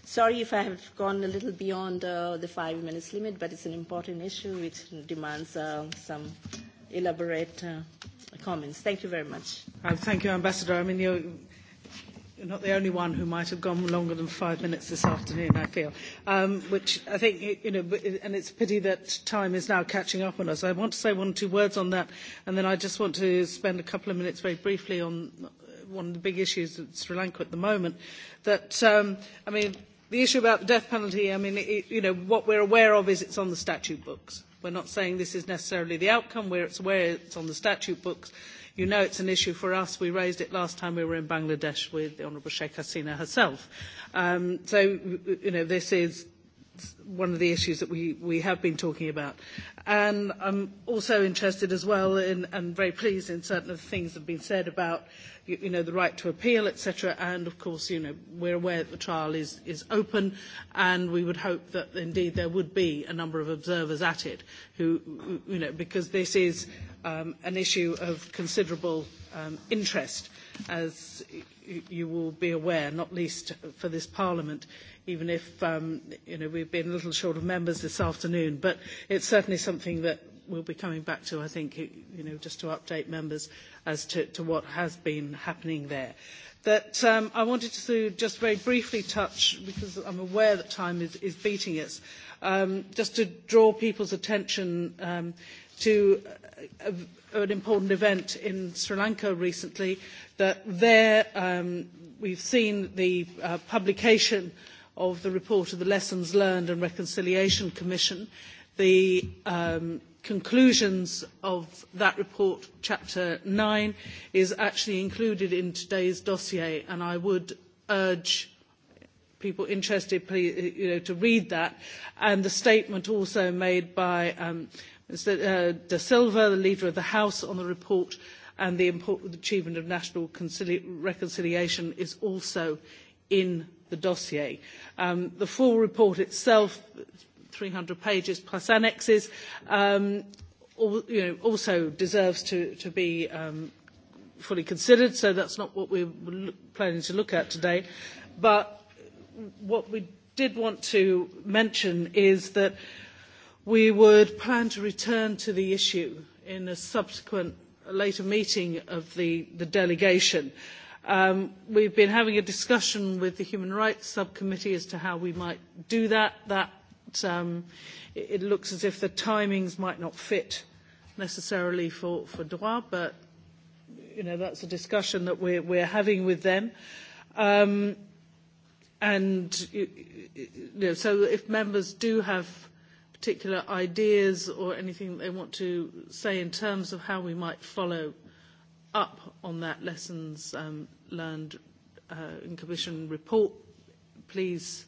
S11: Sorry if I have gone a little beyond the five minutes limit, but it's an important issue which demands some elaborate comments. Thank you very much.
S1: Thank you, Ambassador. I mean, you're not the only one who might have gone longer than five minutes this afternoon, I feel, which I think, you know, and it's a pity that time is now catching up on us. I want to say one or two words on that, and then I just want to spend a couple of minutes very briefly on one of the big issues at Sri Lanka at the moment. That, I mean, the issue about the death penalty, I mean, you know, what we're aware of is it's on the statute books We're not saying this is necessarily the outcome. We're aware it's on the statute books. You know it's an issue for us. We raised it last time we were in Bangladesh with the Honourable Sheikh Hasina herself. So, you know, this is one of the issues that we have been talking about. And I'm also interested as well and very pleased in certain of the things that have been said about you know, the right to appeal, etc. And of course, you know, we're aware that the trial is, is open and we would hope that indeed there would be a number of observers at it who, you know, because this is an issue of considerable interest as you will be aware, not least for this Parliament, even if you know we've been a little short of members this afternoon. But it's certainly something that we'll be coming back to, I think, you know, just to update members as to what has been happening there. That I wanted to just very briefly touch, because I'm aware that time is beating us, just to draw people's attention to an important event in Sri Lanka recently, that there we've seen the publication of the report of the Lessons Learned and Reconciliation Commission. The conclusions of that report, Chapter 9, is actually included in today's dossier, and I would urge people interested to read that, and the statement also made by Mr. De Silva, the Leader of the House, on the report and the achievement of national reconciliation is also in the dossier. The full report itself 300 pages plus annexes, also deserves to to be fully considered. So that's not what we're planning to look at today. But what we did want to mention is that we would plan to return to the issue in a subsequent later meeting of the delegation. We've been having a discussion with the Human Rights Subcommittee as to how we might do that. That it looks as if the timings might not fit necessarily for Droit, but you know that's a discussion that we're having with them. And so if members do have particular ideas or anything they want to say in terms of how we might follow up on that lessons learned in Commission report, please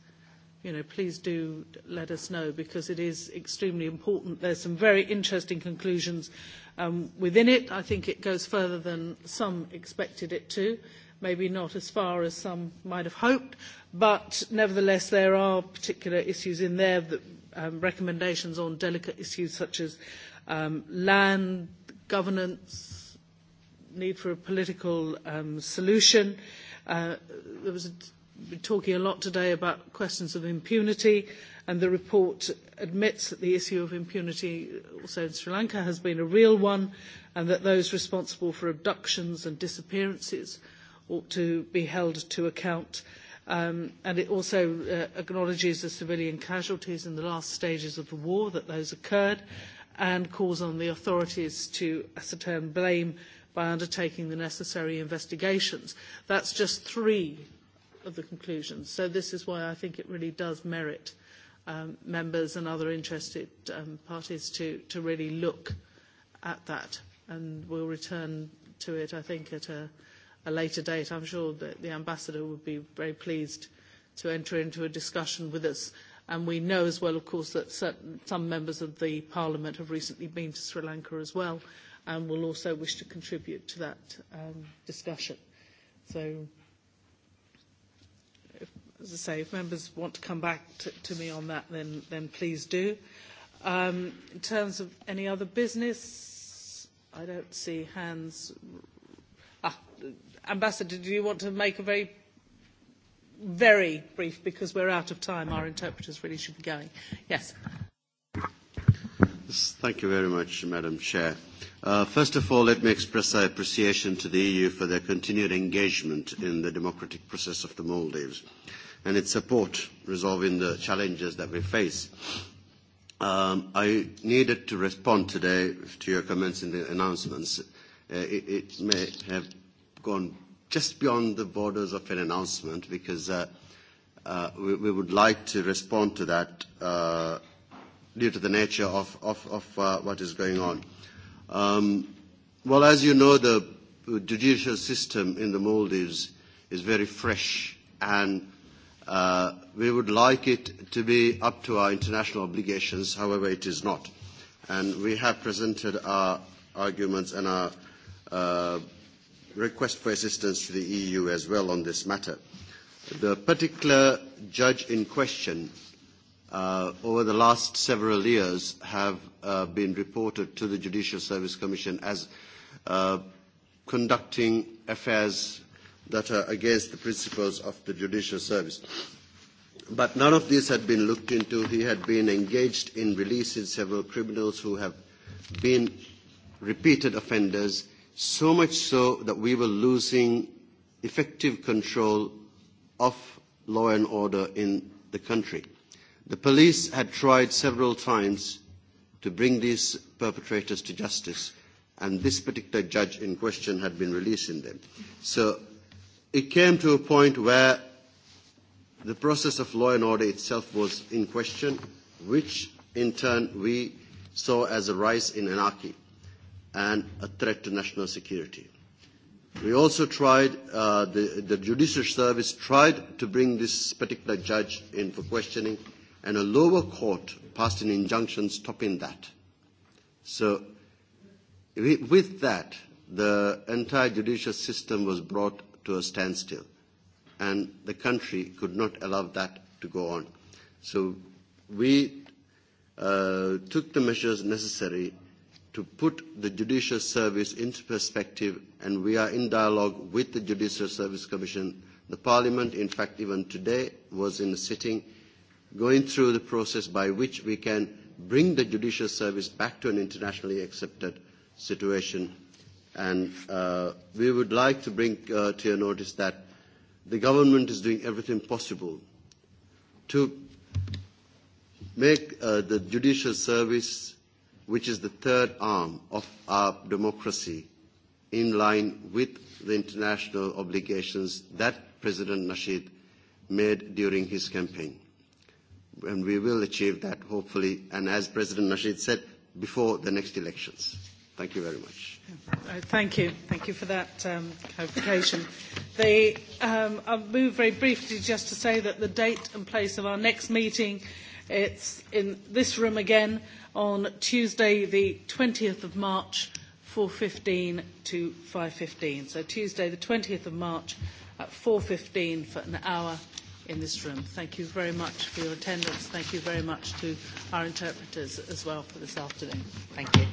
S1: please do let us know because it is extremely important. There's some very interesting conclusions within it. I think it goes further than some expected it to, maybe not as far as some might have hoped, but nevertheless there are particular issues in there, that recommendations on delicate issues such as land, governance, need for a political solution. There was a been talking a lot today about questions of impunity, and the report admits that the issue of impunity also in Sri Lanka has been a real one, and that those responsible for abductions and disappearances ought to be held to account. And it also acknowledges the civilian casualties in the last stages of the war, that those occurred, and calls on the authorities to ascertain blame by undertaking the necessary investigations. That's just three of the conclusions. So this is why I think it really does merit members and other interested parties to to really look at that. And we'll return to it, I think, at a later date. I'm sure that the Ambassador would be very pleased to enter into a discussion with us. And we know as well, of course, that some members of the Parliament have recently been to Sri Lanka as well and will also wish to contribute to that discussion. So As I say, if members want to come back to me on that, then then please do. In terms of any other business, I don't see hands. Ambassador, do you want to make a very, very brief, because we're out of time. Our interpreters really should be going. Yes.
S12: Thank you very much, Madam Chair. First of all, let me express our appreciation to the EU for their continued engagement in the democratic process of the Maldives and its support resolving the challenges that we face. I needed to respond today to your comments in the announcements. It may have gone just beyond the borders of an announcement because we would like to respond to that due to the nature of what is going on. Well, as you know, the judicial system in the Maldives is very fresh and We would like it to be up to our international obligations, however it is not. And we have presented our arguments and our request for assistance to the EU as well on this matter. The particular judge in question over the last several years have been reported to the Judicial Service Commission as conducting affairs that are against the principles of the judicial service. But none of this had been looked into. He had been engaged in releasing several criminals who have been repeated offenders, so much so that we were losing effective control of law and order in the country. The police had tried several times to bring these perpetrators to justice, and this particular judge in question had been releasing them. So it came to a point where the process of law and order itself was in question, which in turn we saw as a rise in anarchy and a threat to national security. We also tried, the, the judicial service tried to bring this particular judge in for questioning, and a lower court passed an injunction stopping that. So with that, the entire judicial system was brought to a standstill. And the country could not allow that to go on. So we took the measures necessary to put the judicial service into perspective, and we are in dialogue with the Judicial Service Commission. The Parliament, in fact, even today, was in a sitting going through the process by which we can bring the judicial service back to an internationally accepted situation And we would like to bring to your notice that the government is doing everything possible to make the judicial service, which is the third arm of our democracy, in line with the international obligations that President Nasheed made during his campaign. And we will achieve that, hopefully, and as President Nasheed said, before the next elections. Thank you very much.
S1: Thank you. Thank you for that clarification. I'll move very briefly just to say that the date and place of our next meeting, it's in this room again on Tuesday, the 20th of March, 4.15 to 5.15. So Tuesday, the 20th of March at 4.15 for an hour in this room. Thank you very much for your attendance. Thank you very much to our interpreters as well for this afternoon. Thank you.